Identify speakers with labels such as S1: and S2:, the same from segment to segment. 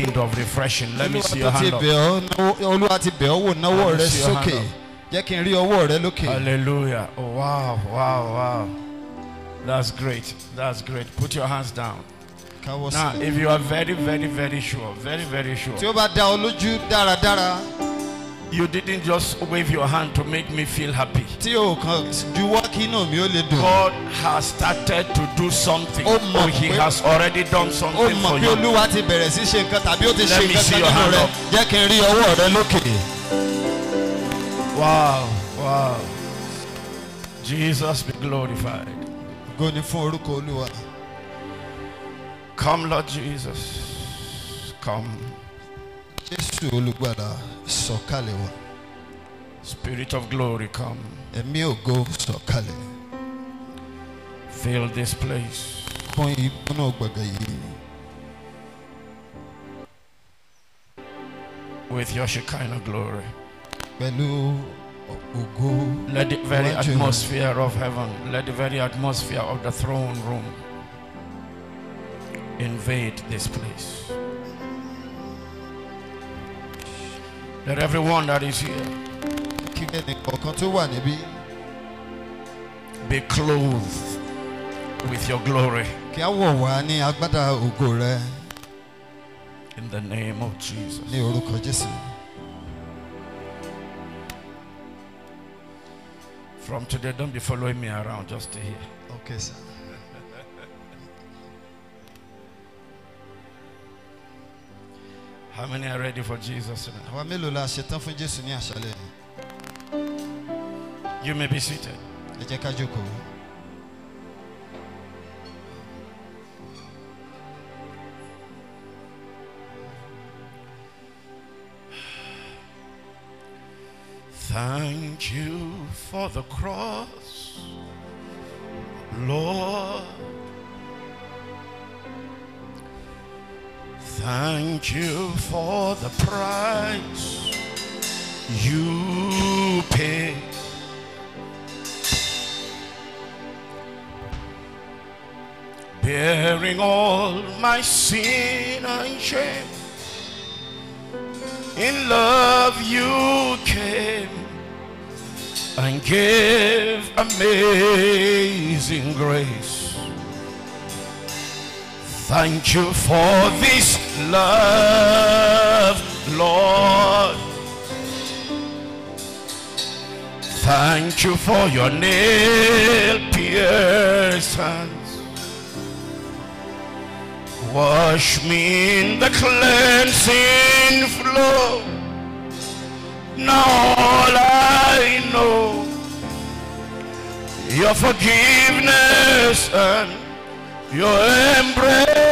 S1: wind of refreshing. Let me see your hand up. Olúwa ti bẹ̀ ọ́ wò náwó rẹ sókè. Jẹ́ kí n rí ọwọ́ rẹ lókè. Hallelujah. Oh, wow, wow, wow. That's great. That's great. Put your hands down. Now, if you are very, very, very sure, very, very sure. Tí ó bá dá ọ lójú dáradára. You didn't just wave your hand to make me feel happy. Tí you kàn juwọ́ kí inú mi ó lè dùn. God has started to do something. Oh my! He has already done something for you. Ó mọ̀ pé Olúwa ti bẹ̀rẹ̀ sí ṣe nǹkan tàbí ó ti ṣe nǹkan kan nínú rẹ̀. Jẹ́ kí n rí Wow, wow. Jesus be glorified. Come Lord Jesus, come. Jésù olùgbàlà sọ̀kalẹ̀ wá. Spirit of glory come. Ẹ̀mí ògo sọ̀kalẹ̀. Fill this place. Pọ́n With your Shekinah glory. Pẹ̀lú Let the very atmosphere of heaven, let the very atmosphere of the throne room invade this place. that everyone that is here be clothed with your glory. In the name of Jesus. From today, don't be following me around, just to here. Okay, sir. How many are ready for Jesus tonight? You may be seated.
S2: Thank you for the cross, Lord. Thank
S1: you for the price you paid.
S2: Bearing all my sin and shame, in love you
S1: came
S2: and gave amazing grace. Thank you for
S3: this love, Lord.
S1: Thank you for your nail piercings. Wash me in the
S3: cleansing
S2: flow. Now all I
S3: know, your forgiveness and your embrace.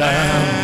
S3: I'm.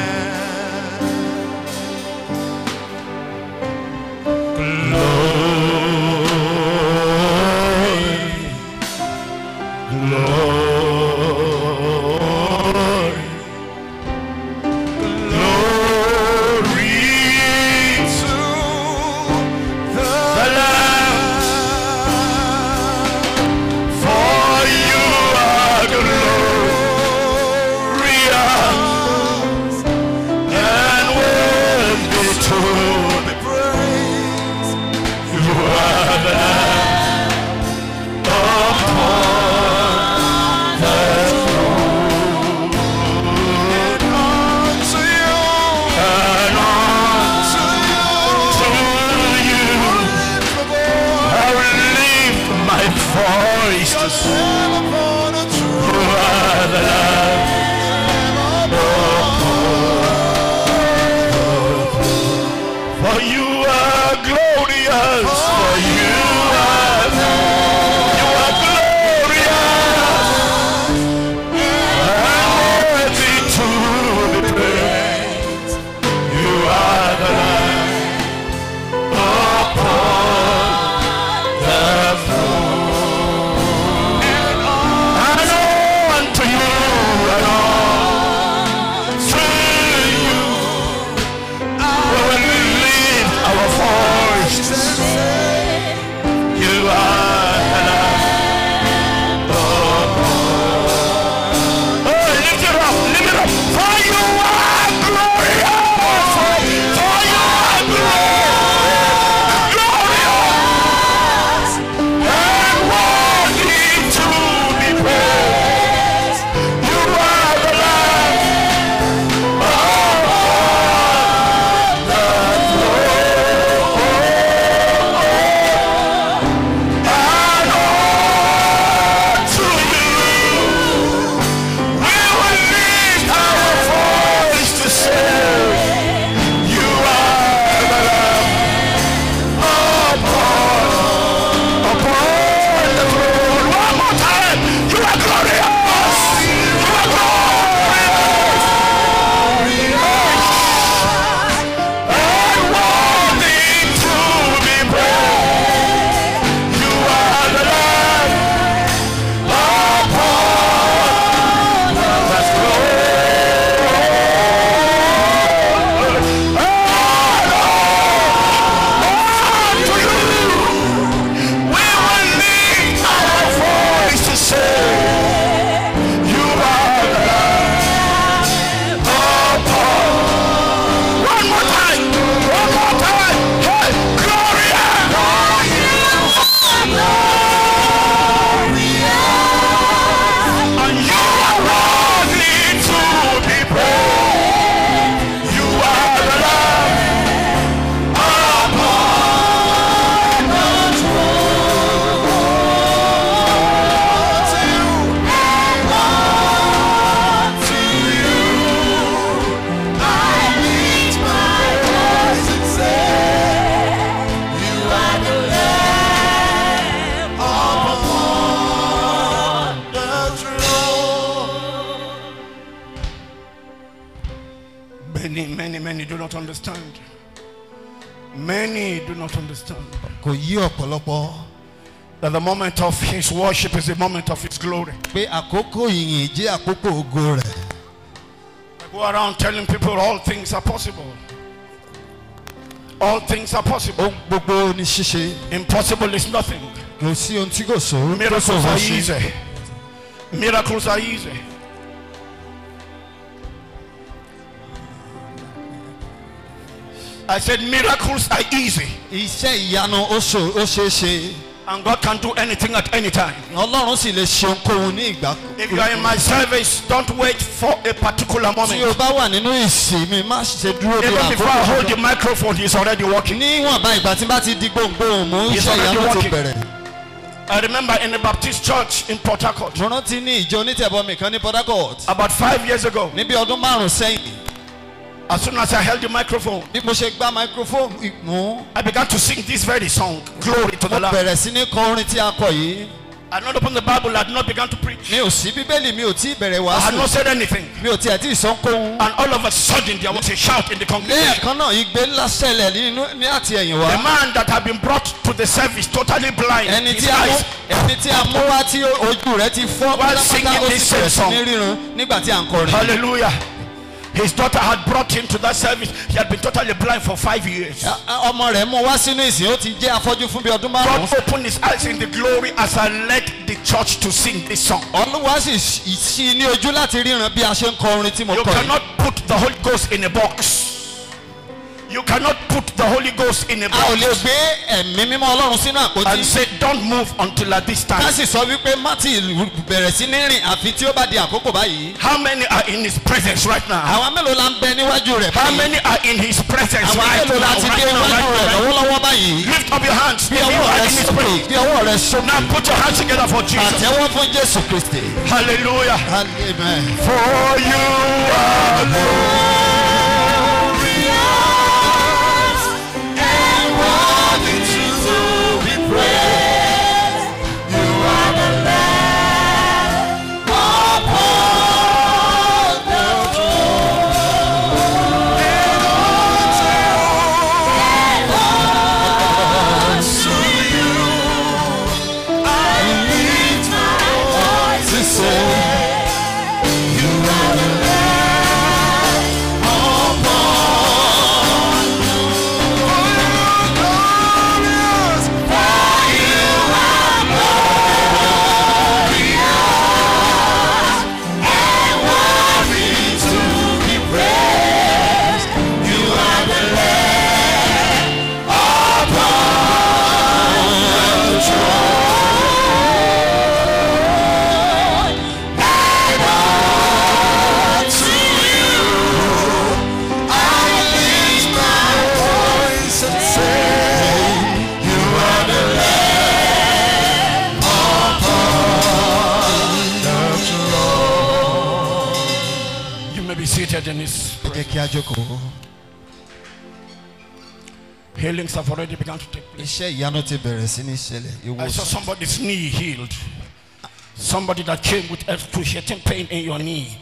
S1: moment of his worship is the moment of his glory. I go around telling people all things are possible. All things are possible. Impossible is nothing. You see, on tí Miracles are easy.
S2: Miracles are easy. I said miracles are easy.
S1: Iṣẹ́ ìyanu ó ṣe é ṣe. And God can do anything at any time. Ọlọ́run sì lè ṣe ohunkóhun ní ìgbà. If you are in my service, don't wait for a particular moment. Tí o bá wà nínú ìsìn mi, má ṣe dúró de àkókò. Even before I hold the microphone, he is already working. Níwọ̀nba ìgbà tí bá ti di gbòǹgbòǹ, mò ń ṣe ìyanu tó bẹ̀rẹ̀. I remember in the Baptist church in Port Harcourt. Mo rántí ní ìjọ onítẹ̀bọmi kan ní Port Harcourt. About five years ago. Níbi ọdún márùn-ún sẹ́yìn. As soon as I held the microphone, microphone? I began to sing this very song, Glory to the Lord. I had not opened the Bible, I had not begun to preach. Mi ò sí Bíbélì, mi ò tí bẹ̀rẹ̀ wá sí. I had not said anything. Mi ò tiẹ̀ tí ì sọ And all of a sudden there was a shout in the congregation. Ní ẹ̀kan náà igbe ńlá ṣẹlẹ̀ nínú ní àti ẹ̀yìn wá. The man that had been brought to the service totally blind. Ẹni tí a mú ẹni tí a mú wá tí
S2: ojú rẹ̀ ti fọ́. While singing this same song. Nígbà tí à ń kọrin. Hallelujah his daughter had brought him to that service he had been totally blind for five years. ọmọ rẹ̀ mú wá
S1: sínú ìsìn ó ti jẹ́ afọ́jú fún bí ọdún márùn God opened his eyes in the glory as I led the church to sing this song. olúwa sì ṣí ní ojú láti ríran bí a ṣe ń kọ tí mo kọ yìí. you cannot
S2: put the Holy Ghost in a box you cannot put the Holy Ghost in a box. a ò
S1: lè gbé ẹ̀mí mímọ́ Ọlọ́run sínú àpótí. and say don't move until at this time. ká sọ wípé má bẹ̀rẹ̀ sí ní rìn àfi tí ó bá di àkókò báyìí. how many are in his presence right now. àwọn mélòó la ń bẹ níwájú rẹ̀ báyìí. how many are in his presence right now. àwọn mélòó la ti dé iwájú rẹ̀ lọ́wọ́lọ́wọ́ báyìí. lift up your hands. bí ọwọ́ rẹ sókè bí ọwọ́ rẹ sókè. now put your hands together for Jesus. àtẹ́wọ́
S3: fún Jésù Kristi. hallelujah. amen. for you alone.
S1: seated in His presence. Healings have already begun to take place. I saw somebody's knee healed. Somebody that came with excruciating pain in your knee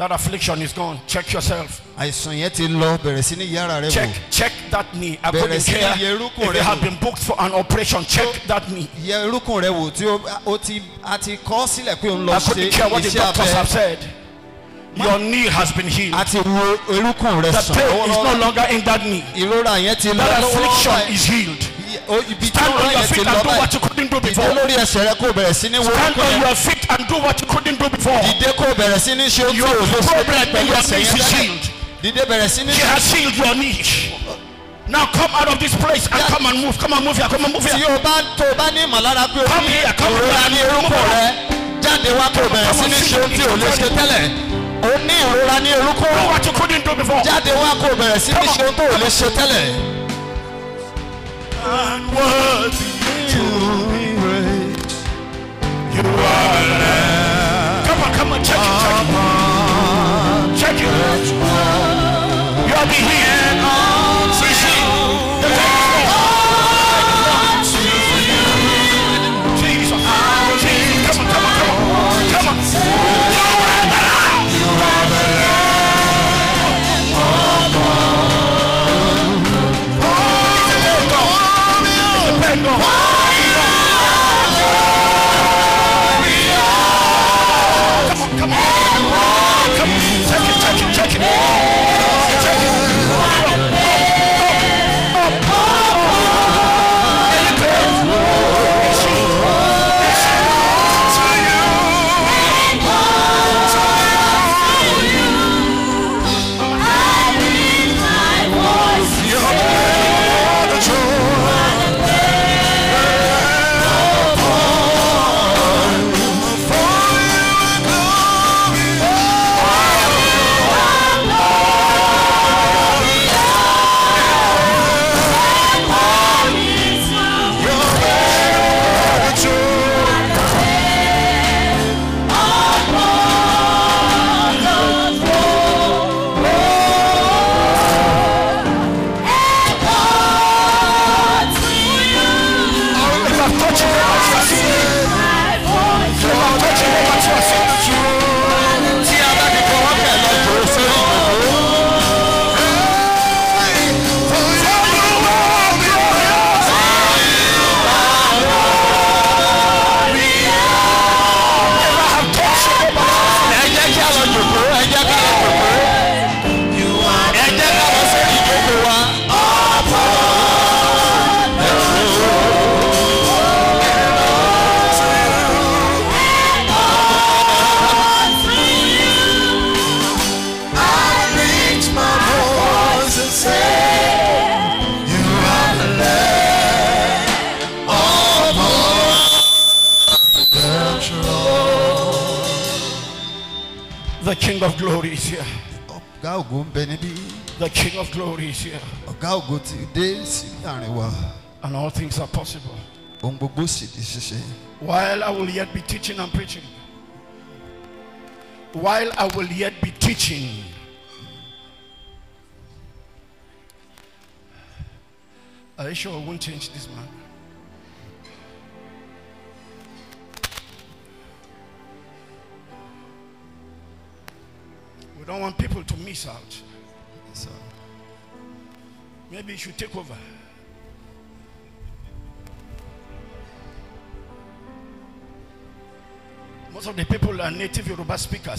S1: that affliction is gone check yourself. àìsàn yẹn ti lọ bẹ̀rẹ̀ sí ní yàrá rẹ wò. check check that knee i couldn't care if you have been booked for an operation check that knee. yẹ irúkùn rẹ wò tí o ti a ti kọ́ sílẹ̀ pé o ń lọ ṣe iṣẹ́ abẹ. Your knee has been healed. Àti wo irúkùn rẹ sàn. The pain is no longer in that knee. Ìrora yẹn ti lọ lọ́wọ́ That affliction is healed stand on your feet and do
S2: what you couldn't do before. ìdílórí ẹsẹ̀ rẹ kò bẹ̀rẹ̀ sí ní wo. stand your feet dìde
S1: kò bẹ̀rẹ̀ sí ní ṣe o tí sí pẹ̀lú ẹsẹ̀ yẹn tẹ́lẹ̀. dìde bẹ̀rẹ̀ sí ní. he has sealed your niche.
S2: Now come out of this place and yeah. come and move. Come and move here. Come and move here. Tí o bá tó o bá ní ìmọ̀lára pé o ní ìrora ní orúkọ rẹ jáde wá kó bẹ̀rẹ̀ sí ní ṣe ohun tí o lè ṣe tẹ́lẹ̀. O ní ìrora ní orúkọ rẹ jáde wá kó bẹ̀rẹ̀ sí ní ṣe
S1: ohun tó o lè ṣe tẹ́lẹ̀.
S3: unworthy to be praised. You are Lamb. Come on, come on, check it, check it. Check it. You are the head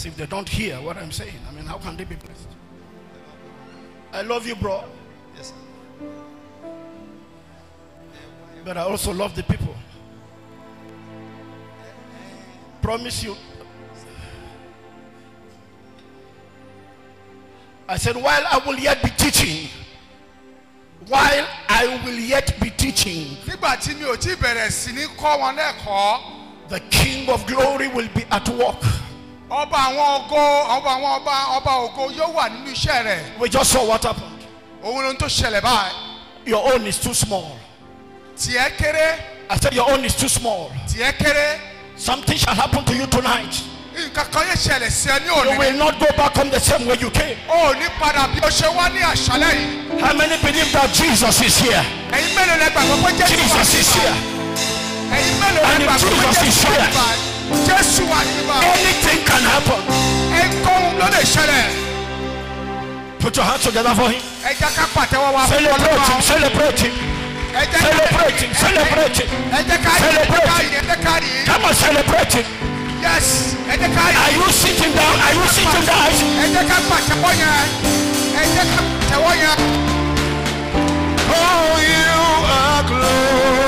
S1: as if they don't hear what I'm saying. I mean, how can they be blessed? I love you, bro.
S2: Yes, sir. But I also love the people. Promise you. I said, while I will yet be teaching, while I will yet be teaching, the King of glory will be at work. ọba àwọn ògo ọba àwọn ọba ọba ògo yóò wà nínú iṣẹ́ rẹ̀. we just saw what happened. òun ló ń tó ṣẹlẹ̀ báyìí. your own is too small. tiẹ̀ kéré. I said your own is too small. tiẹ̀ kéré. something shall happen to you tonight. nǹkan kan yóò ṣẹlẹ̀ sí ẹ ní òní. you will not go back home the same way you came. o ní padà bí o ṣe wá ní àṣálẹ̀ yìí. how many believe that Jesus is here. ẹ̀yin mélòó lẹ gbàgbọ́ pé Jésù wà nípa. Jesus is here. ẹ̀yin mélòó lẹ gbàgbọ́ pé Jésù wà nípa. Anything can happen. Put your hands together for him. him. Celebrate him. Celebrate him. Celebrate him. Celebrate
S3: him. Come on, celebrate him. Yes. Are you sitting down? Are you sitting down? Oh, you are glorious.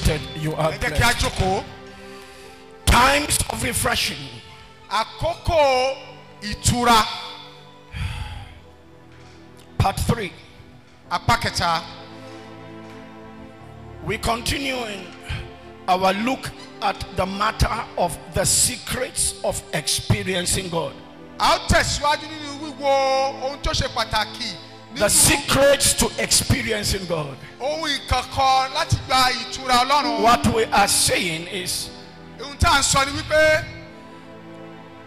S2: seated,
S1: you are blessed.
S2: Times of refreshing. Àkókò ìtura. Part 3. Apaketa. We continue in our look at the matter of the secrets of experiencing God. pàtàkì the secrets to experiencing God. What we are saying is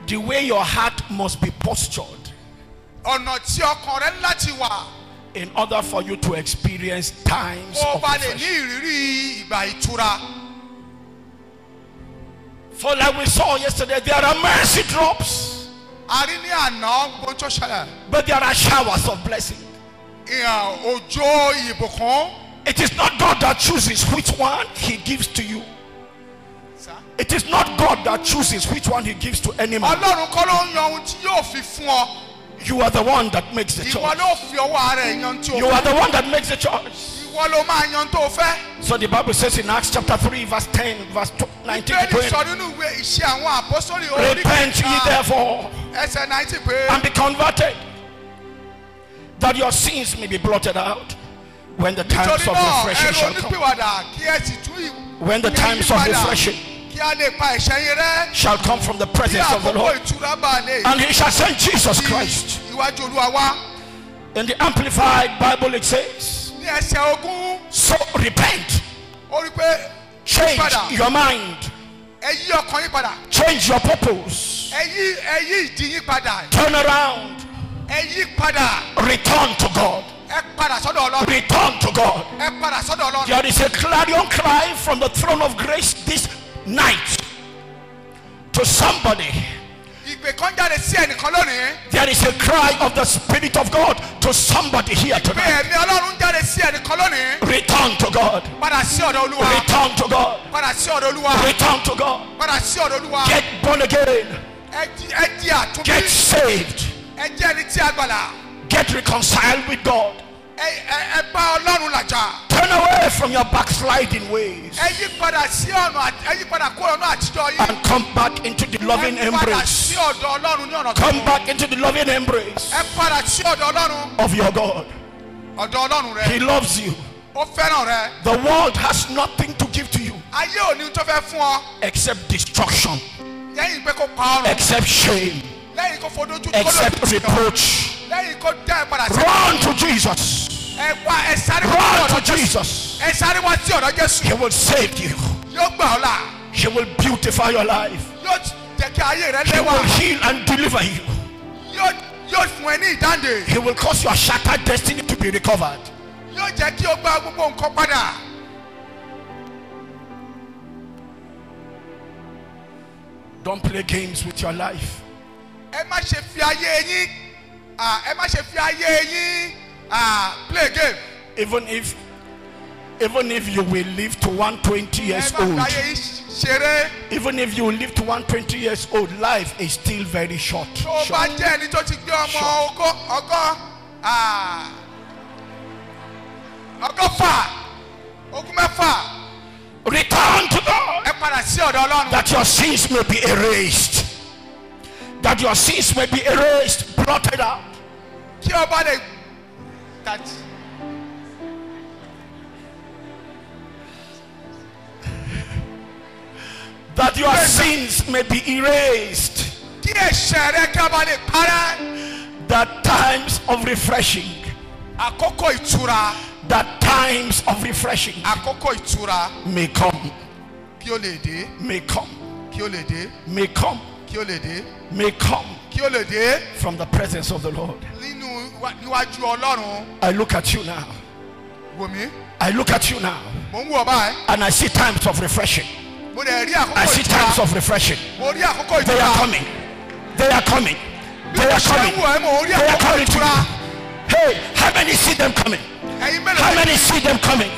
S2: the way your heart must be postured in order for you to experience times of For like we saw yesterday, there are mercy drops. But there are showers of blessing. It is not God that chooses which one He gives to you. It is not God that chooses which one He gives to any man. You are the one that makes the choice. You are the one that makes the choice. So the Bible says in Acts chapter 3, verse 10, verse 19 to 20. Repent ye therefore and be converted that your sins may be blotted out when the times of refreshing shall come. When the times of refreshing shall come from the presence of the Lord, and He shall send Jesus Christ. In the Amplified Bible, it says, So repent,
S3: change your mind,
S2: change your purpose, turn around. Return to God. Return to God. There is a clarion cry from the throne of grace this night to somebody. There is a cry of the Spirit of God to somebody here tonight. Return to God. Return to God. Return to God. Get born again. Get saved. Get reconciled with God. Turn away from your backsliding ways and come back into the loving embrace. Come back into the loving embrace of your God. He loves you. The world has nothing to give to you except destruction, except shame except reproach. Run to Jesus. Run to Jesus. He will save you. He will beautify your life. He will heal and deliver you. He will cause your shattered destiny to be recovered. Don't play games with your life má ṣe fi ayé yín ẹ má ṣe fi ayé yín play game. even if even if you will live to one twenty years old even if you live to one twenty years old life is still very short. return to God. that your sins may be erased that your sins may be erased, blotted out. that. That your sins may be erased. That times of refreshing. ìtura. That times of refreshing. ìtura. May come. May come. May come may come from the presence of the Lord. I look at you now. I look at you now. And I see times of refreshing. I see times of refreshing. They are coming. They are coming. They are coming. They are coming to you. Hey, how many see them coming? How many see them coming?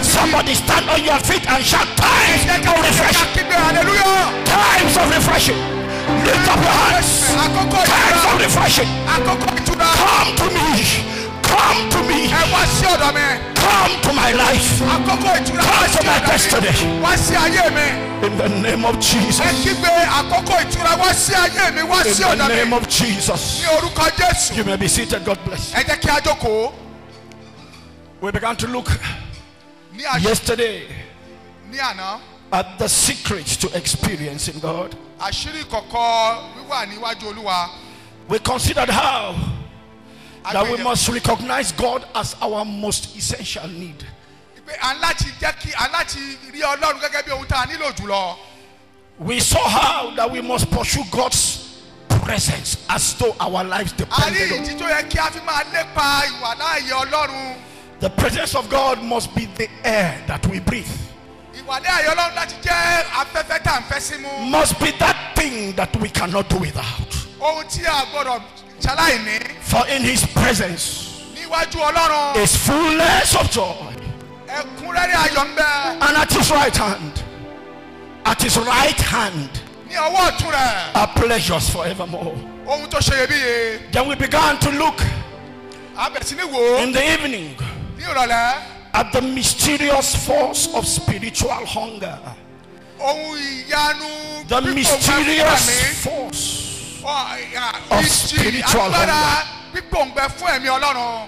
S2: Somebody stand on your feet and shout times of refreshing. Times of refreshing. Lift up your hands. Times of refreshing. Come to me. Come to me. Come to my life. Come to my destiny. In the name of Jesus. In the name of Jesus. You may be seated. God bless we began to look yesterday at the secrets to experiencing God. We considered how that we must recognize God as our most essential need. We saw how that we must pursue God's presence as though our lives depended on it. The presence of God must be the air that we breathe. Must be that thing that we cannot do without. For in His presence is fullness of joy. And at His right hand, at His right hand, are pleasures forevermore. Then we began to look in the evening. ní at the mysterious force of spiritual hunger. ohun ìyanu pípò máa ń the mysterious
S3: force of spiritual hunger.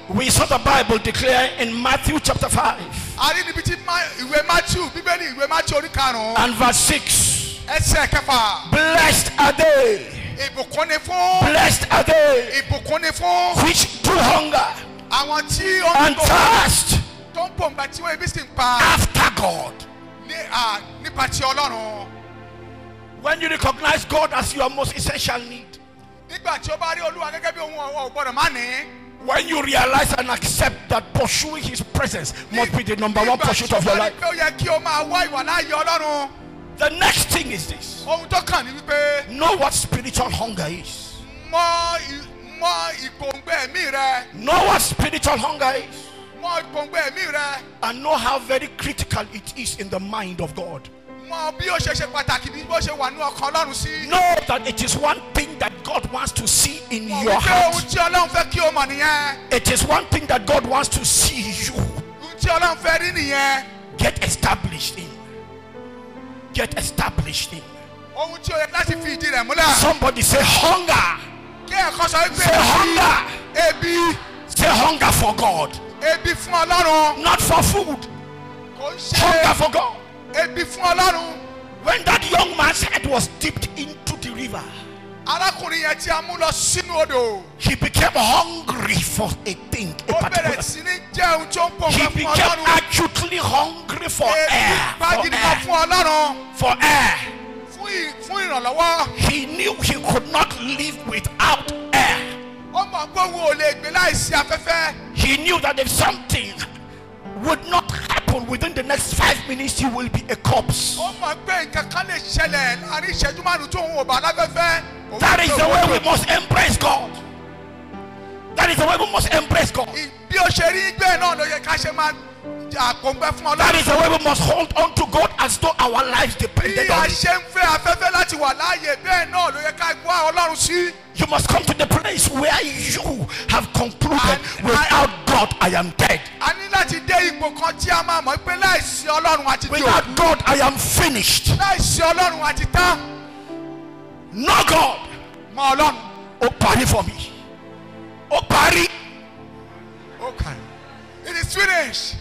S2: We saw the Bible declare in Matthew chapter five. A níbi tí ìwé Matthew Bíbélì ìwé Matthew orí karùn-ún. And verse six. Ẹsẹ̀ kẹfà. Blessed are they. Ìbùkún ni fún. Blessed are they. Ìbùkún ni fún. Which do hunger. àwọn thirst after God ah, oh. when you recognize God as your most essential need. When you realize and accept that pursuing His presence must be the number one pursuit of your life. The next thing is this. Know what spiritual hunger is know what spiritual hunger is. and know how very critical it is in the mind of God. know that it is one thing that God wants to see in your heart. it is one thing that God wants to see you. get established in. get established in. somebody say hunger. Say hunger. Say hunger for God. Not for food. Hunger for God. When that young man's head was dipped into the river, he became hungry for a thing. A particular. He became acutely hungry for air. For air. For air fún ìrànlọ́wọ́. he knew he could not live without air. ó mọ̀ pé òun ò lè gbé láìsí afẹ́fẹ́. he knew that if something would not happen within the next five minutes he will be a corpse. ó mọ̀ pé lè ṣẹlẹ̀ láàrin ìṣẹ́jú márùn-ún tó láfẹ́fẹ́. that is the way we must embrace God. that is the way we must embrace God. bí o ṣe rí gbẹ́ náà ká ṣe máa. Ah, that is the way we must hold on to God as though our lives depended on it. You must come to the place where you have concluded without God I am dead. Without God I am finished. No God. Oh, party for me. Oh, party. Okay. It is finished.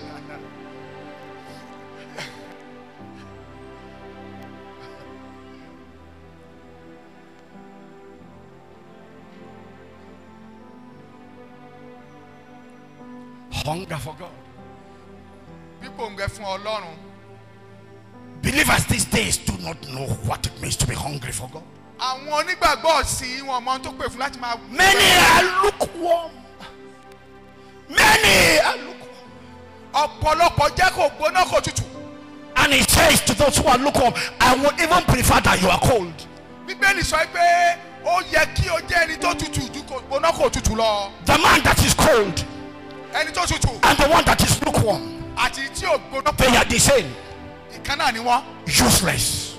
S2: hunger for God. Gbígbòǹgbẹ fún Ọlọ́run. Believers these days do not know what it means to be
S1: hungry for God.
S2: Àwọn onígbàgbọ́ sí Many are lukewarm. Many are lukewarm. Ọ̀pọ̀lọpọ̀ jẹ́ kó gbóná kó tutù. And he says to those who are lukewarm, I would even prefer that you are cold. Bíbélì sọ pé ó yẹ kí o jẹ́ ẹni tó tutù ju gbóná kó tutù lọ. The man that is cold. ẹni tó tutù. and the one that is lukewarm. àti tí o gbọdọ. they are the same. ìkànnà ni wọn. useless.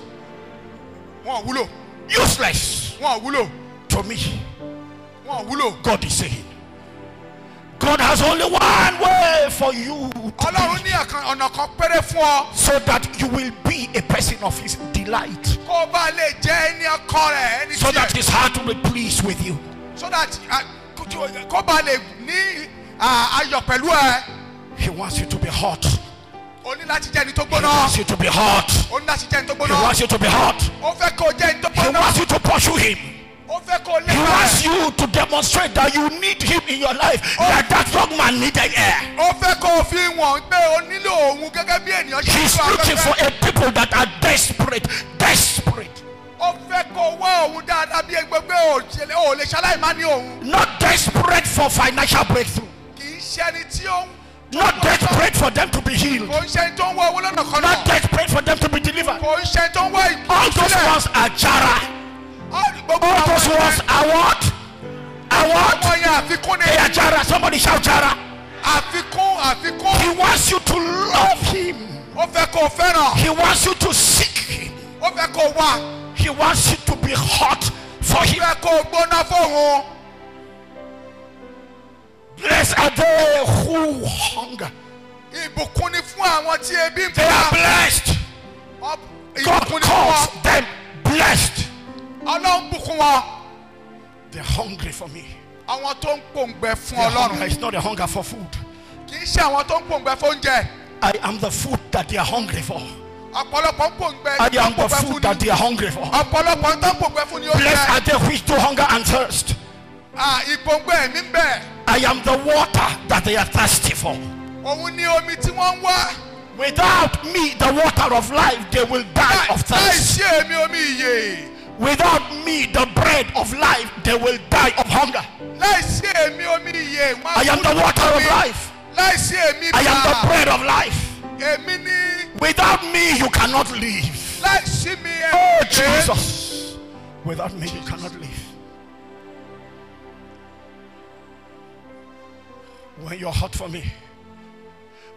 S2: wọn wúlò. useless. wọn wúlò. to me. wọn wúlò. God is saying. God has only one way for you. Ọlọ́run ní ọ̀nà kan péré fún ọ. So that you will be a person of his delight. Kó o bá lè jẹ́ ẹni ọkọ rẹ̀ ẹni So that his heart will be pleased with you. So that uh, kó o bá lè ní. Ah, ayọ̀ pẹ̀lú ẹ. he wants you to be hot. o ní láti jẹ́ ẹni tó gbóná. he wants you to be hot. o ní láti jẹ́ ẹni tó gbóná. he wants you to be hot. ó fẹ́ kó jẹ́ ẹni tó gbóná. he wants you to pursue him. ó fẹ́ kó lé bẹ́ẹ̀. he wants you to demonstrate that you need him in your life. Oh. like that strong man needed air. ó fẹ́ kó fi wọ̀n pé o nílò òun gẹ́gẹ́ bí ènìyàn he is looking for a people that are desperate desperate ó fẹ́ kó wá òun dáadáa bí gbogbo òṣèlè òòlè ṣaláìmá ní òun. not desperate for financial breakthrough. Not that prayed for them to be healed. Not that prayed for them to be delivered. All those ones are Jara. All those ones are what? Are what? They are Jara. Somebody shout Jara. He wants you to love him. He wants you to seek him. He wants you to be hot for him. Blessed are they who hunger. They are blessed. God calls them blessed. They're hungry for me. It's not a hunger for food. í am the food that they are hungry for. I am the food that they are hungry for. Blessed are they which do hunger and thirst. Ah, I am the water that they are thirsty for. Without me, the water of life, they will die of thirst. Without me, the bread of life, they will die of hunger. I am the water of life. I am the bread of life. Without me, you cannot live. Oh, Jesus. Without me, you cannot live. when you're hot for me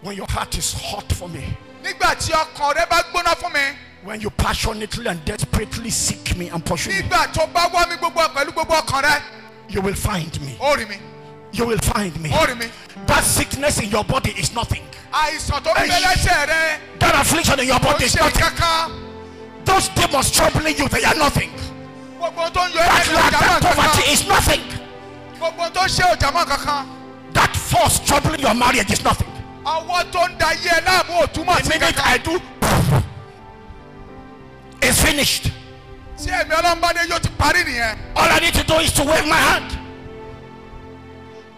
S2: when your heart is hot for me when you passionately and desperately seek me and pursue me. you will find me. you will find me. that sickness in your body is nothing. that affliction in your body is nothing. those demons troubling you they are nothing. that lack of poverty is nothing. that force troubling your marriage is nothing. ọwọ́ tó ń da yé ẹ láàmú ò túmọ̀ sí kankan. the minute I do it's finished. tí ẹ̀mí ọlọ́mbadé yóò ti parí nìyẹn. all I need to do is to wave my hand.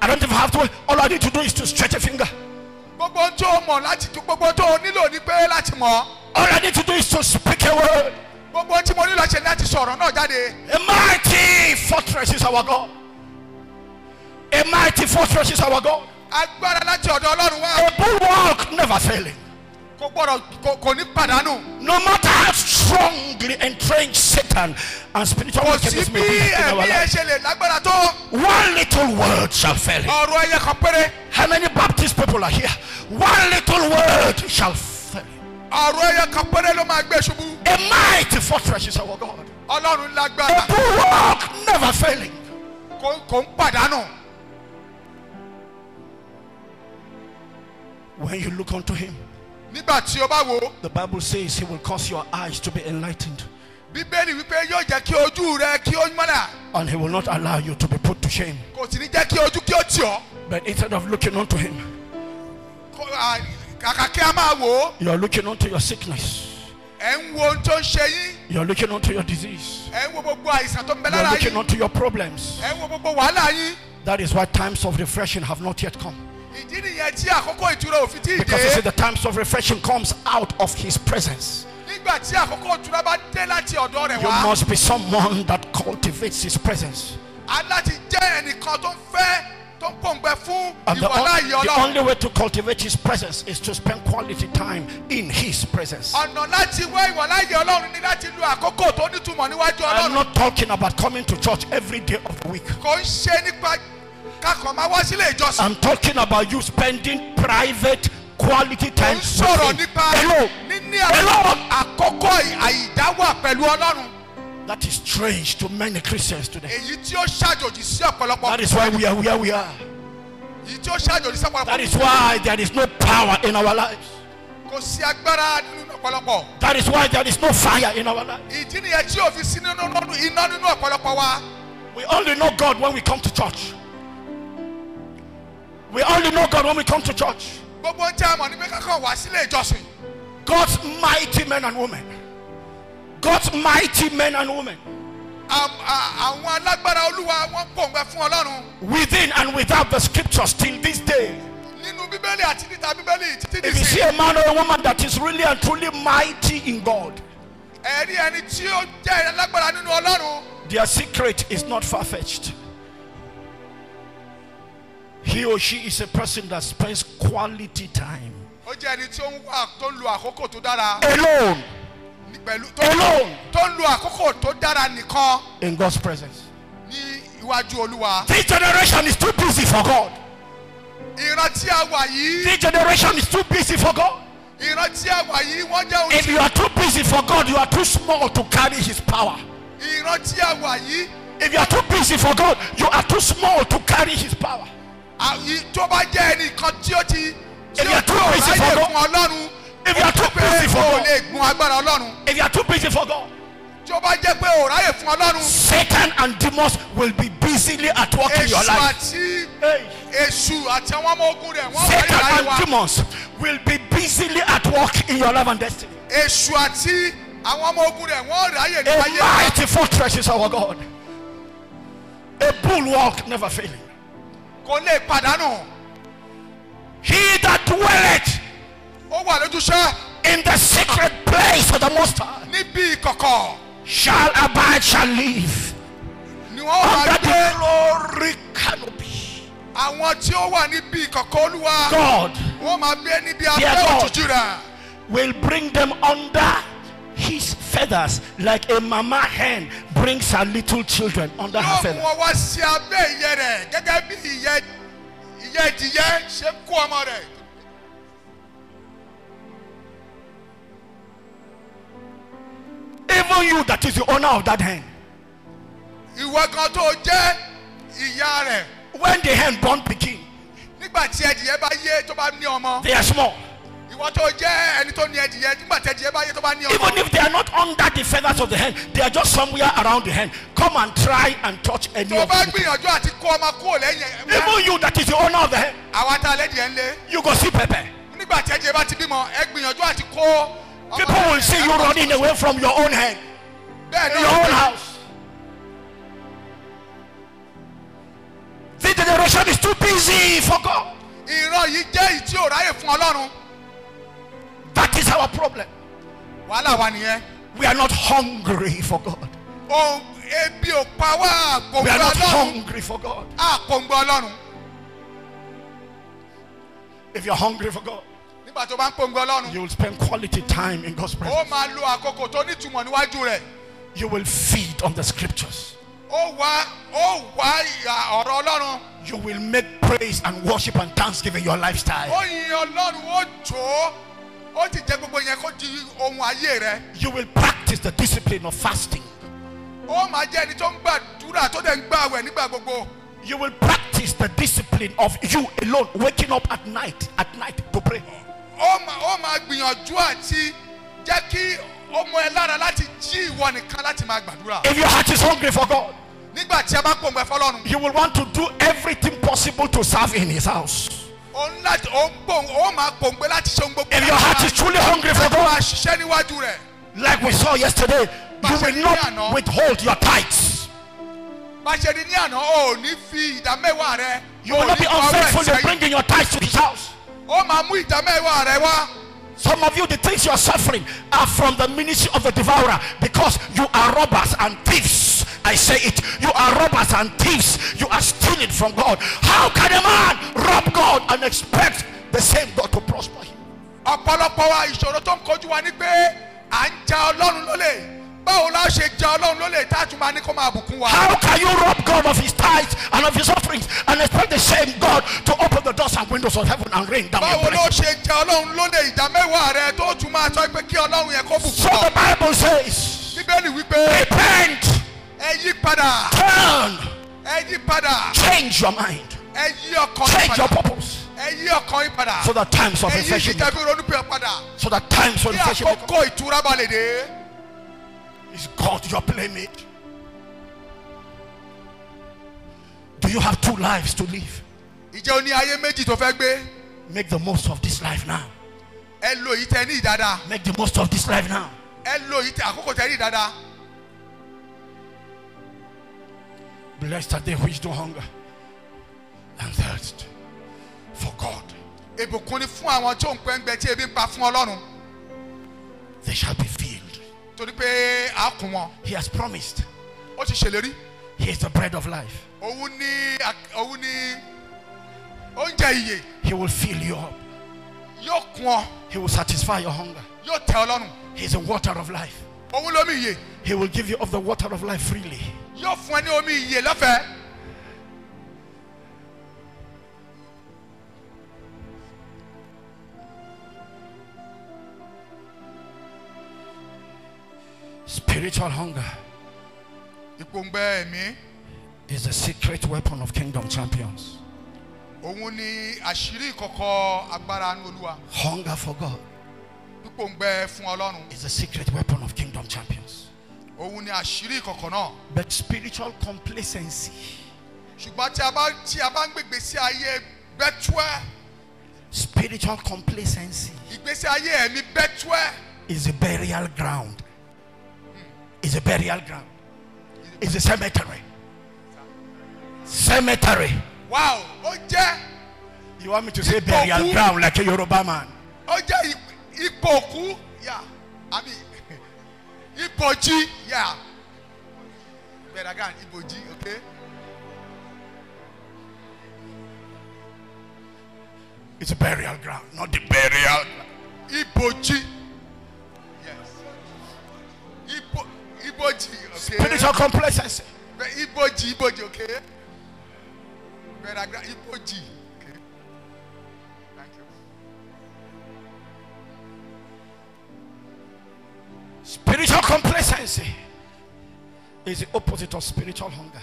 S2: I don't even have to all I need to do is to stretch a finger. gbogbo tó o mọ̀ láti gbogbo tó o nílò ní pé láti mọ̀. all I need to do is to speak a word. gbogbo tí mo nílò ṣe láti sọ̀rọ̀ náà jáde. a mighty fortress is our God. A mighty fortress is our God. Agbára láti ọ̀dọ̀ Ọlọ́run wá. A bulwark never failing. Kò gbọ́dọ̀ kò ní pàdánù. No matter how strongly entrenched Satan
S3: and spiritual wickedness may be in our life. Kò sí bí ẹ̀mí ẹ̀ ṣe
S2: lè lágbára tó. One little word shall fail him. Ọ̀rọ̀ ẹyẹ kan péré. How many Baptist people are here? One little word shall fail him. Ọ̀rọ̀ ẹyẹ kan péré ló máa gbé ṣubú. A mighty fortress is our God. Ọlọ́run lágbára. A bulwark never failing. Kò ń pàdánù. When you look unto him, the Bible says he will cause your eyes to be enlightened. And he will not allow you to be put to shame. But instead of looking unto him, you are looking unto your sickness. You're looking onto your disease. You're looking unto your problems. That is why times of refreshing have not yet come. Because he said the times of refreshing comes out of his presence. You must be someone that cultivates his presence. And the, the only way to cultivate his presence is to spend quality time in his presence. I'm not talking about coming to church every day of the week. I'm talking about you spending private quality time Hello. Hello. That is strange to many Christians today. That is why we are where we are. That is why there is no power in our lives. That is why there is no fire in our lives. We only know God when we come to church. We only know God when we come to church. God's mighty men and women. God's mighty men and women. Within and without the scriptures till this day. If you see a man or a woman that is really and truly mighty in God, their secret is not far fetched. He or she is a person that spends quality time. Ó Alone. alone. Tó ń lo tó dára In God's presence. This generation is too busy for God. This generation is too busy for God. If you are too busy for God, you are too small to carry his power. If you are too busy for God, you are too small to carry his power. Ah, tó bá jẹ́ ẹnìkan tí ó ti tí ó tó ráyè fún ọlọ́run if you are too busy for God lè gun agbára ọlọ́run if you are too busy for God tí ó bá jẹ́ pé ò ráyè fún ọlọ́run Satan and demons will be busily at work in your life
S3: èṣù àti
S2: èṣù àti àwọn ọmọ ogun rẹ̀ wọ́n wà ní ayé wa Satan and demons will be busily at work in your life and destiny èṣù àti àwọn ọmọ ogun rẹ̀ wọ́n ráyè ní ayé wa a mighty fortress is our God a bulwark never failing kò lè pàdánù. he that dwelleth. ó wà lójúṣe. in the secret place of the most high. níbi ìkọ̀kọ̀. shall abide
S3: shall live. ni wọ́n
S2: wà ní. glory canopy. àwọn tí ó wà níbi ìkọ̀kọ̀ olúwa. God. wọ́n máa gbé níbi abẹ́ òtútù rẹ̀. will bring them under. his feathers like a mama hen brings her little children under her feathers. even you that is the owner of that hen. when the hen born begin. nígbà tí they are small ìwọ tó jẹ́ ẹni tó ní ẹdìyẹ nígbà tí ẹdìyẹ bá yẹ tó bá ní ọmọ. even if they are not under the feathers of the hen they are just somewhere around the hen come and try and touch any so of them. tó bá gbìyànjú àti kó ọmọ kúrò lẹ́yìn. even you that is the owner of the hen. àwa ta lẹ́dìẹ̀ ń lé. you go see pepper. nígbà tí ẹdìyẹ bá ti bímọ ẹ gbìyànjú àti kó. people will see you running away from your own hen. bẹ́ẹ̀ your own house. this generation is too busy for God. ìran yìí jẹ́ ìtí òráyè fún ọlọ́run. That is our problem. We are not hungry for God. Oh, we are not hungry for God. If you're hungry for God, you will spend quality time in God's presence. You will feed on the scriptures. You will make praise and worship and thanksgiving your lifestyle you will practice the discipline of fasting. you will practice the discipline of you alone waking up at night at night to pray. if your heart is hungry for God. you will want to do everything possible to serve in his house. If your heart is truly hungry for God, like we saw yesterday, you will not withhold your tithes. You will not be unfaithful in bringing your tithes to his house. Some of you, the things you are suffering are from the ministry of the devourer because you are robbers and thieves. I say it. You are robbers and thieves. You are stealing from God. How can a man rob God and expect the same God to prosper him? ọ̀pọ̀lọpọ̀ wa ìṣòro tó ń kojú wa ni pé à ń ja Ọlọ́run lólè báwo la ṣe ja Ọlọ́run lólè tá a tún máa ní kó máa bùkún wa. How can you rob God of his tithes and of his offerings and expect the same God to open the doors and windows of heaven and rain down your báwo ló ṣe ja Ọlọ́run lólè mẹ́wàá rẹ tó tún máa sọ pé kí Ọlọ́run yẹn kó bùkún wa. So the Bible says. Bíbélì wípé. Repent. Turn. Change your mind. Change your purpose. So the times of refreshing. So the times of refreshing. Is God your playmate? Do you have two lives to live? Make the most of this life now. Make the most of this life now. Blessed are they which do hunger and thirst for God. They shall be filled. He has promised. He is the bread of life. He will fill you up. He will satisfy your hunger. He is the water of life. He will give you of the water of life freely. yóò fún ẹ ní omi ìyè lọ́fẹ̀ẹ́.
S1: Spiritual hunger.
S2: Ìpòǹgbẹ ẹ̀mí.
S1: Is the secret weapon of kingdom champions.
S2: Òun ni àṣírí ìkọ̀kọ̀ agbára Olúwa.
S3: Hunger for God.
S2: Ìpòǹgbẹ fún Ọlọ́run. Is the secret weapon of kingdom champions òun ni àṣírí ìkọ̀kọ̀ náà. but spiritual complacency. ṣùgbọ́n tí a bá tí a bá ń gbègbè sí ayé bẹ́túẹ́. spiritual complacency. ìgbésí ayé ẹ̀mí bẹ́túẹ́. is a burial ground. Hmm. is a burial ground. is a cemetery. cemetery. wow ó jẹ́. you want me to say burial ground like a Yoruba man. ó jẹ́ ipò òkú. yeah i Iboji, yeah. But again, Iboji, okay? It's a burial ground, not the burial. Iboji. Yes. Ibo, Iboji, okay? Spiritual complacency. Iboji, Iboji, okay? Iboji. Spiritual complacency is the opposite of spiritual hunger.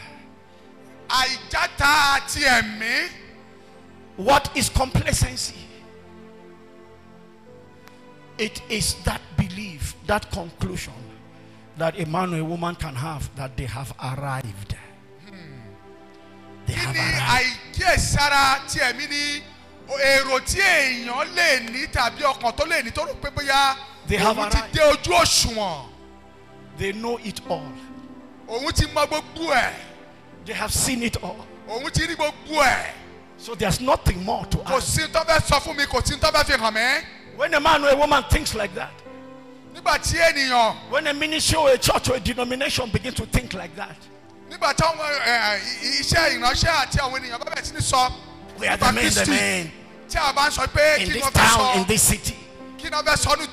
S2: Àìjáta àti ẹ̀mí. What is complacency? It is that belief, that conclusion that a man or a woman can have that they have arrived. Hmm. They have arrived. They know it all. They have seen it all. So there's nothing more to ask. When a man or a woman thinks like that, when a ministry or a church or a denomination begins to think like that, eh, eh, we are the men, the men. In this town, in this city,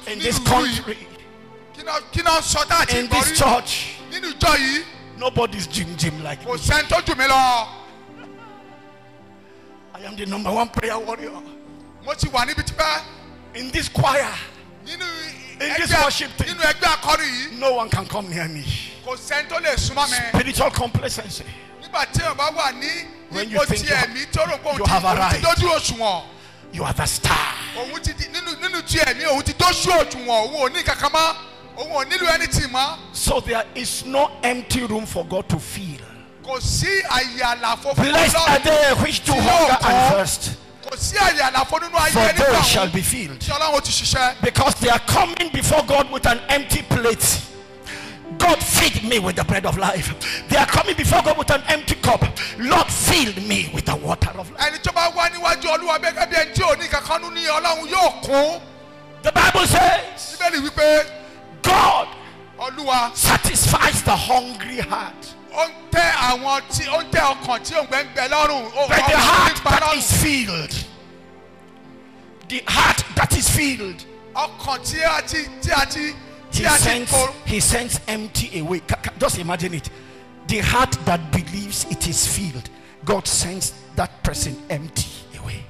S2: in this country. in this church nobody's jim jim like me. I am the number one prayer warrior. In this choir, in this worship team, no one can come near me. Spiritual complacency. When you think you have, you have arrived, you are the star. So there is no empty room for God to fill. Blessed are they which do hunger and thirst. For they shall be filled. Because they are coming before God with an empty plate. God feed me with the bread of life. They are coming before God with an empty cup. Lord, fill me with the water of life. The Bible says God Allah, satisfies the hungry heart. But the heart that is filled the heart that is filled. he sends empty away just imagine it the heart that believes it is filled God sends that person empty away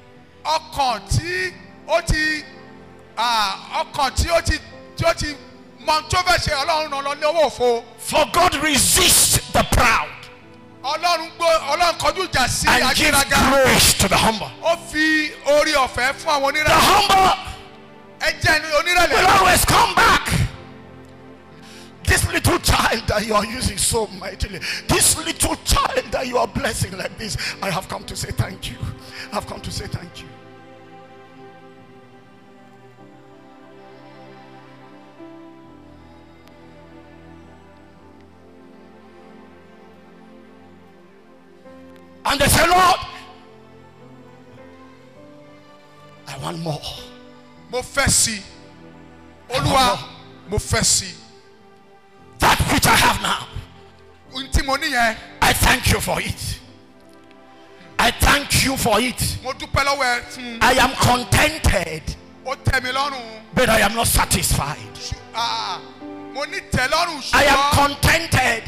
S2: for God resist the proud. and give grace to the humble. the humble. will always come back. This little child that you are using so mightily, this little child that you are blessing like this, I have come to say thank you. I have come to say thank you. And they say, Lord, I want more. Mo fẹ́ sí. That which I have now. I thank you for it. I thank you for it. I am contented. But I am not satisfied. Ah. I am contented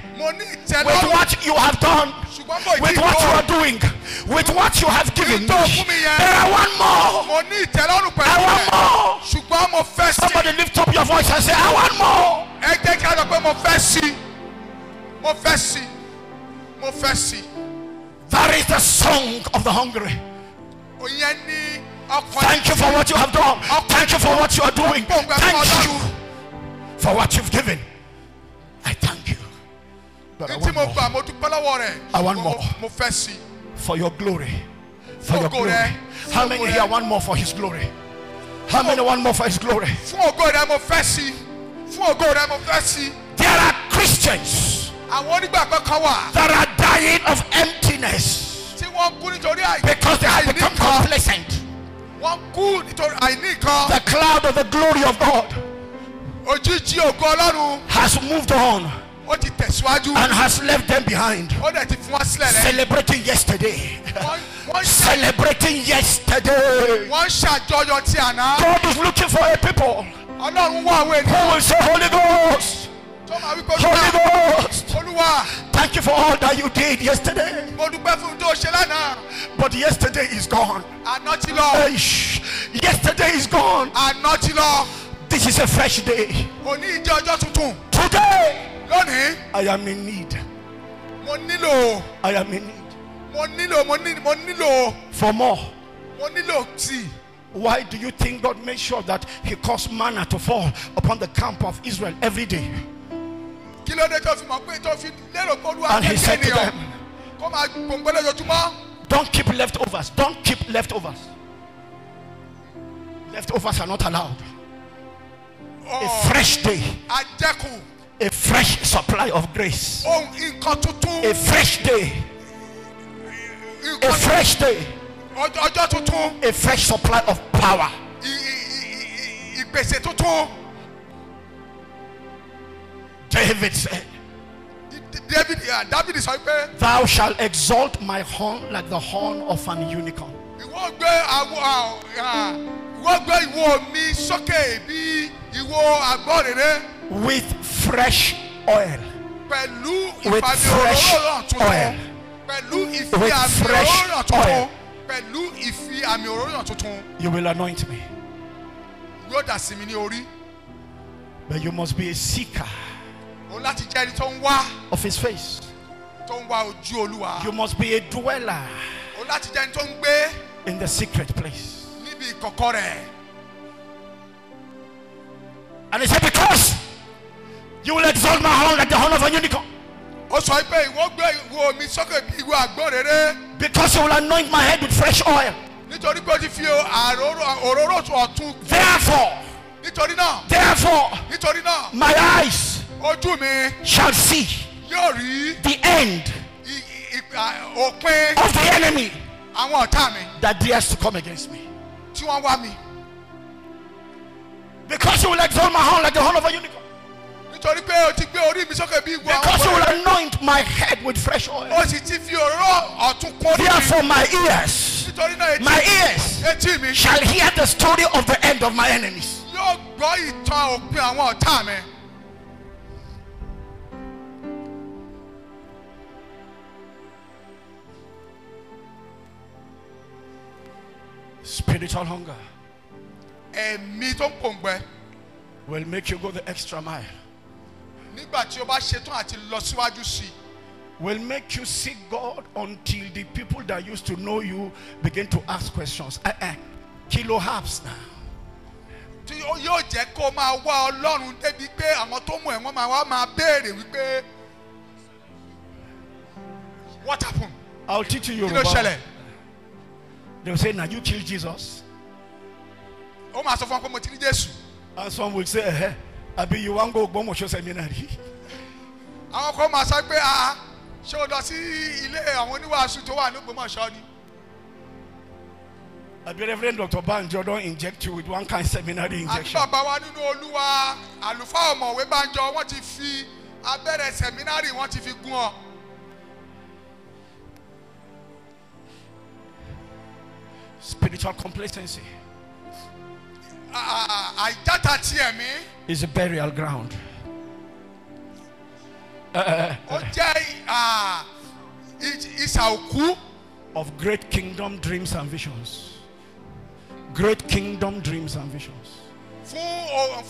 S2: with what you have done, with what you are doing, with what you have given me. There are one more. I want more. Somebody lift up your voice and say, I want more. That is the song of the hungry. Thank you for what you have done. Thank you for what you are doing. Thank you for what you've given. I thank you. But I want more. I want more. For your glory. For your glory. How many here want more for his glory? How many want more for his glory? There are Christians that are dying of emptiness because they have become complacent. The cloud of the glory of God has moved on. and has left them behind. celebrating yesterday. celebrating yesterday. God is looking for a people. who will say holy ghost. Holy Ghost, thank you for all that you did yesterday. But yesterday is gone. Yesterday is gone. This is a fresh day. Today, I am in need. I am in need. For more. Why do you think God made sure that He caused manna to fall upon the camp of Israel every day? And He said to them, Don't keep leftovers. Don't keep leftovers. Leftovers are not allowed a oh, fresh day, a fresh supply of grace, oh, a fresh day, a fresh day, a fresh supply of power. David said. David, yeah, David is like, Thou shalt exalt my horn like the horn of an unicorn. wọ́n gbé ìwo mi sókè bí ìwo àgbọ̀rẹ̀rẹ̀. with fresh oil. pẹ̀lú ìfàmì òróró tuntun. pẹ̀lú ìfi àmì òróró tuntun. pẹ̀lú ìfi àmì òróró tuntun.
S1: you will anoint me.
S2: yóò dà sí mi ní orí.
S1: but you must be a seeker.
S2: o láti jẹ́ ẹni tó ń wá. of his face. tó ń wá ojú olúwa. you must be a dweller. o láti jẹ́ ẹni tó ń gbé. in the secret place. be kokore. And he said, Because you will exalt my horn like the horn of a unicorn. ó sọ pé ìwọ gbé ìwo mi sókè bí ìwo àgbọn because you will anoint my head with fresh oil. therefore. therefore. my eyes. shall see. the end. of the enemy. that dares to come against me tí wọ́n wá me, because you will exalt my horn like the horn of a unicorn. because you will anoint my head with fresh oil. therefore my ears. my ears. shall hear the story of the end of my enemies. Spiritual hunger will make you go the extra mile. will make you see God until the people that used to know you begin to ask questions. Uh -uh. kilo halves now. what happened. I will teach you Yoruba. they will say, Now you kill Jesus. Oh, máa sọ fún ọ and some will say ẹhẹ àbí you wan go Ògbómọ̀ṣọ́ seminary. àwọn kan máa sọ pé ah ṣé o lọ sí ilé àwọn oníwàásù tó wà ní Ògbómọ̀ṣọ́ ni. àbí Reverend Dr. Banjo don inject you with one kind seminary injection. Baba bàbá wa nínú alufa omo we Banjo wọ́n ti fi abẹ́rẹ́ seminary wọ́n ti fi gún Spiritual complacency. Ah, ah, ah,
S1: is a burial ground. Uh, uh, uh,
S2: uh. Oh, of great kingdom dreams and visions. Great kingdom dreams and visions.
S3: Eh,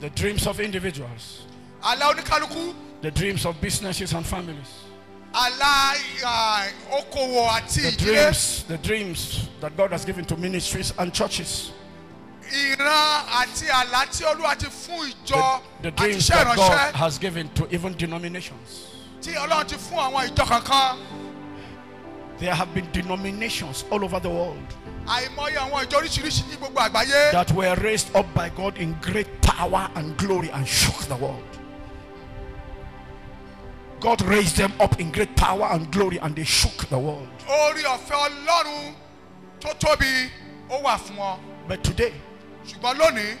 S2: the dreams of individuals. The dreams of businesses and families. The dreams, the dreams that God has given to ministries and churches. The, the dreams that God has given to even denominations. There have been denominations all over the world that were raised up by God in great power and glory and shook the world. God raised them up in great power and glory and they shook the world. But today,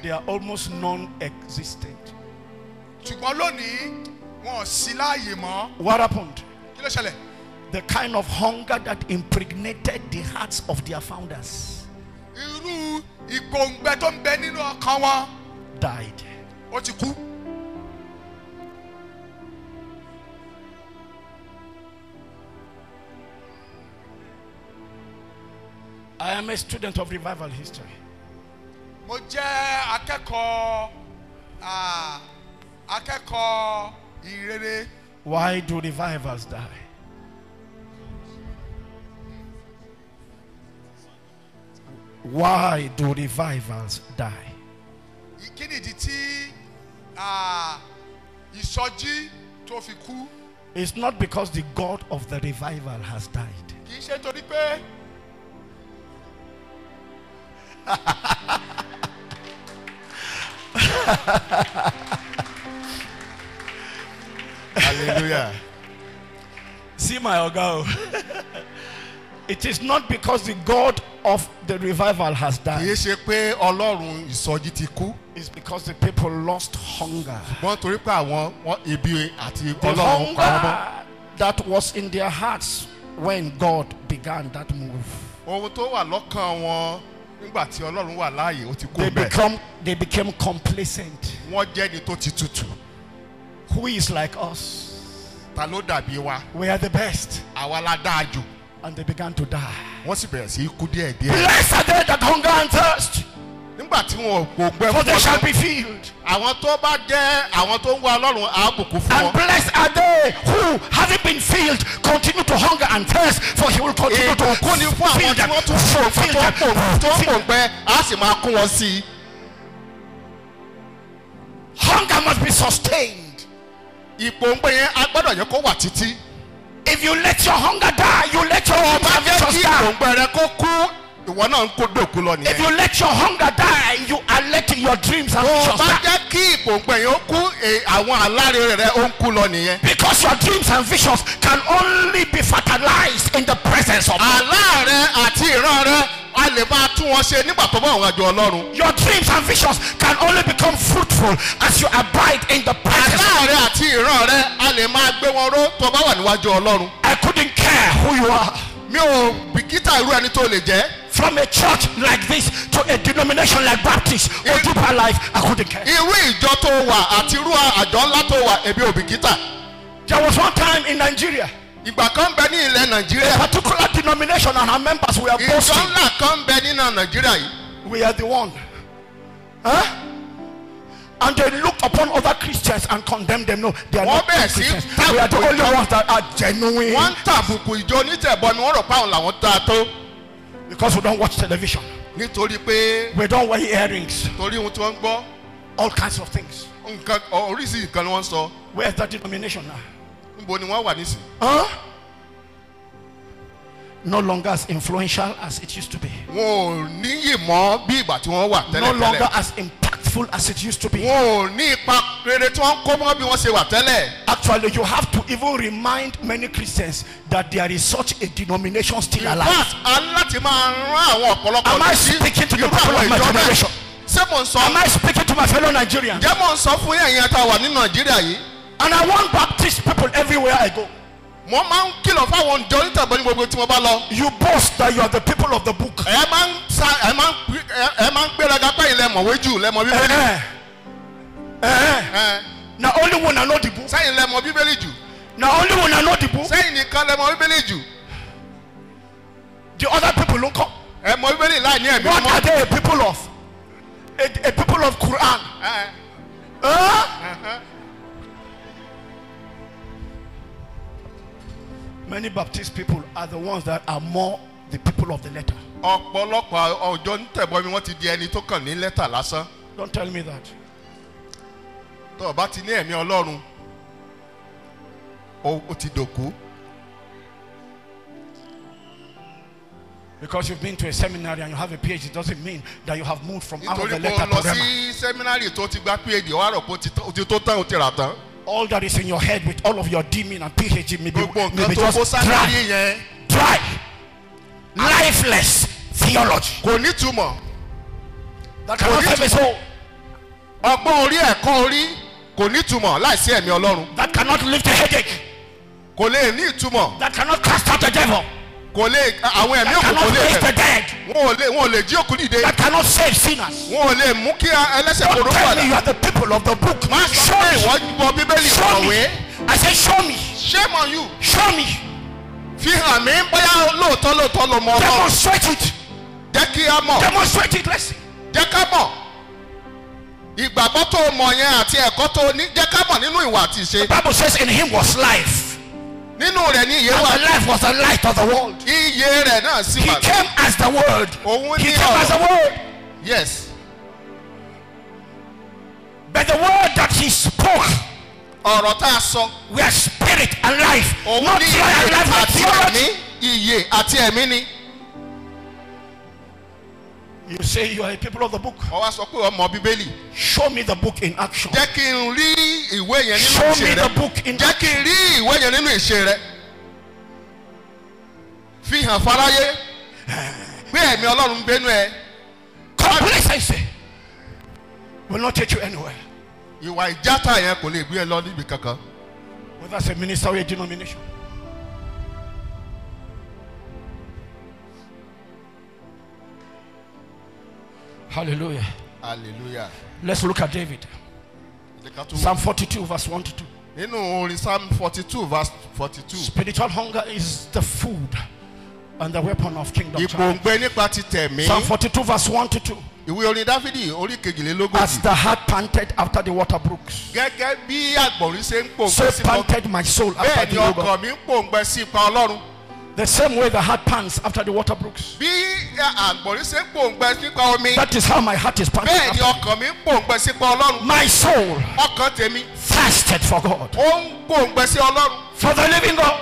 S2: they are almost non-existent. What happened? The kind of hunger that impregnated the hearts of their founders. Died. I am a student of revival history. Why do revivals die?
S1: Why do revivals die? It's not because the God of the revival has died.
S3: Hallelujah.
S2: See my oga. Oh. It is not because the God of the revival has died. It's because the people lost hunger. Ṣùgbọ́n That was in their hearts when God began that move. nígbà tí ọlọ́run wà láàyè ó ti kó bẹ́ẹ̀. they become they became complacent. wọ́n jẹ́ ẹni tó ti tutù. who is like us. ta ló dàbí wa. we are the best. àwa la dáa jù. and they began to die. wọ́n sì bẹ̀rẹ̀ sí í kú díẹ̀ díẹ̀. blessed are they that hunger and thirst. nígbà tí wọn kò gbẹ fún ọdún. for they shall be filled. àwọn tó bá jẹ́ àwọn tó ń wá ọlọ́run àbùkù fún wọn. and blessed are they who having been filled continue to and thirst for he will continue to feed them feed them feed them. hunger must be sustained. ìpòǹgbẹ yẹn a gbọ́dọ̀ kó wà títí. if you let your hunger die you let your hunger die. ọba fẹ́ kí rẹ kó kú ìwọ náà ń kó dòkú lọ nìyẹn. if you let your hunger die you are letting your dreams and visions die kí ìpòǹgbẹ̀yìn ó kú e, àwọn aláre rẹ̀ ó ń kú lọ nìyẹn. because your dreams and visions can only be fertilized in the presence of God. àti ìran rẹ a lè máa tún wọn ṣe nígbà tó bá àwọn àjọ ọlọ́run. your dreams and visions can only become fruitful as you abide in the presence. àlá àti ìran rẹ a lè máa gbé wọn ró tó bá wà níwájú ọlọ́run. I couldn't care who you are. mi ò bìkítà irú ẹni tó lè jẹ́ from a church like this to a denomination like baptist or deeper life i couldnt care. irú ìjọ tó wà àti irú àjọ ńlá tó wà èmi ò there was one time in nigeria. ìgbà kan bẹ ní ilẹ̀ nàìjíríà. a particular denomination and her members were boasting. ìjọ ńlá kan bẹ nínú nàìjíríà yìí. we are the one. Huh? and they look upon other Christians and condemn them. No, they are not Christians. We are the only ones that are genuine. Wọ́n tàbùkù ìjọ onítẹ̀bọ ni wọ́n rò pa òun làwọn ta tó because we don't watch television. nítorí pé. we don't wear earrings. torí ohun tí wọ́n ń gbọ́. all kinds of things. nǹkan oríṣi nǹkan ni wọ́n sọ. where is that denomination now. níbo ni wọ́n wà nísìn. Huh? no longer as influential as it used to be. wọn ò níyì mọ́ bí ìgbà tí wọ́n wà tẹ́lẹ̀tẹ́lẹ̀. no longer as impactful fruitful as it used to be. wọn ní ipa rere tí wọ́n kó mọ́ bí wọ́n ṣe wà tẹ́lẹ̀. actually you have to even remind many christians that there is such a denomination still alive. in fact aláti máa rán àwọn ọ̀pọ̀lọpọ̀ lọ sí yorùbá àwọn ìjọ náà ṣé mò ń sọ. am i speaking to my fellow nigerians. jẹ́ mò ń sọ fún yẹ̀yìn ẹ̀ta wà ní nàìjíríà yìí. and i want baptist people everywhere i go mo máa ń kìlọ̀ fáwọn ọ̀dọ́ onítàgbọ́ ní gbogbo tí mo bá lọ. you boast that you are the people of the book. ẹ máa ń sa ẹ máa ń ẹ máa ń gbéraga pẹ́yìn lẹ́mọ̀wé jù lẹ́mọ̀ bíbélì. Eh, eh, eh. na only one na know the book. sẹ́yìn lẹ́mọ̀ bíbélì jù. na only one na know the book. sẹ́yìn nìkan lẹ́mọ̀ bíbélì jù. the other people ló kọ́. ẹ̀mọ̀ bíbélì láì ní ẹ̀mí mọ́. what are they a people of? a, a people of Quran. Uh -huh. Uh
S3: -huh.
S2: many Baptist people are the ones that are more the people of the letter. ọ̀pọ̀lọpọ̀ ọjọ́ ń tẹ̀bọmi wọ́n ti di ẹni tó kàn ní lẹ́tà lásán. don't tell me that. tó o bá ti ní ẹ̀mí Ọlọ́run o ti dòkú. Because you've been to a seminary and you have a PhD doesn't mean that you have moved from out of the letter to grammar. Nítorí mo lọ sí sẹ́mínárì tó ti gba PhD, ó wá rò pé ó ti tó tán, ó ti rà tán all that is in your head with all of your demon and PhD, maybe, maybe, just dry dry lifeless
S3: theology.
S2: kò ní túmọ̀ kò ní túmọ̀ ọgbọ́n orí ẹ̀kọ́ orí kò ní túmọ̀ láìsí ẹ̀mí ọlọ́run. that cannot lift a headache. kò lè ní ìtumọ̀. that cannot cast out a devil kò lè àwọn ẹ̀mí òkú kò lè fẹ̀ wọn ò lè wọn ò lè jí òkú dìde that cannot save sinners wọn ò lè mú kí ẹlẹ́sẹ̀ kò ló padà don't tell me you are the people of the book má sọ pé ìwọ wọ bíbélì ọ̀wé I say show me shame on you show me fi hàn mí bóyá lóòótọ́ lóòótọ́ ló mọ ọlọ́run demonstrate it jẹ́ kí a mọ̀ demonstrate it let's jẹ́ ká mọ̀ ìgbàgbọ́ tó mọ̀ yẹn àti ẹ̀kọ́ tó ní jẹ́ ká mọ̀ nínú ìwà àti ìṣe the bible says in him was life nínú rẹ̀ ni ìyè wà. and life was the light of the world. iye rẹ̀ náà sì wà. he came as the word. òun ni ọ̀rọ̀ he came as the word. yes. but the word that he spoke. ọ̀rọ̀ tá a sọ. were spirit and life. òun ni ìyè àti ẹ̀mí. ìyè àti ẹ̀mí ni you say you are a people of the book. ọwọ́ sọ pé ọmọ bíbélì. show me the book in action. jẹ́ kí n rí ìwé yẹn nínú ìṣe rẹ. show me the book in action. jẹ́ kí n rí ìwé yẹn nínú ìṣe rẹ. fi hàn fáráyé pé ẹ̀mí ọlọ́run ń bẹnu ẹ. complacency will not take you anywhere. ìwà ìjátá yẹn kò lè gbé ẹ lọ níbi kankan. whether it's a minister or a denomination. Hallelujah. Hallelujah. Let's look at David. Psalm 42, verse 1 to 2. nínú orin psalm 42, verse 42, spiritual hunger is the food and the weapon of kingdom. psalm 42, verse 1 to 2. ìwé orin dáfídì orí kejìlélógójì. as the heart panted after the water brooks. so panted my soul after the river. The same way the heart pants after the water brooks. That is how my heart is panting. Bẹ́ẹ̀ My soul. thirsted for God. For the living God.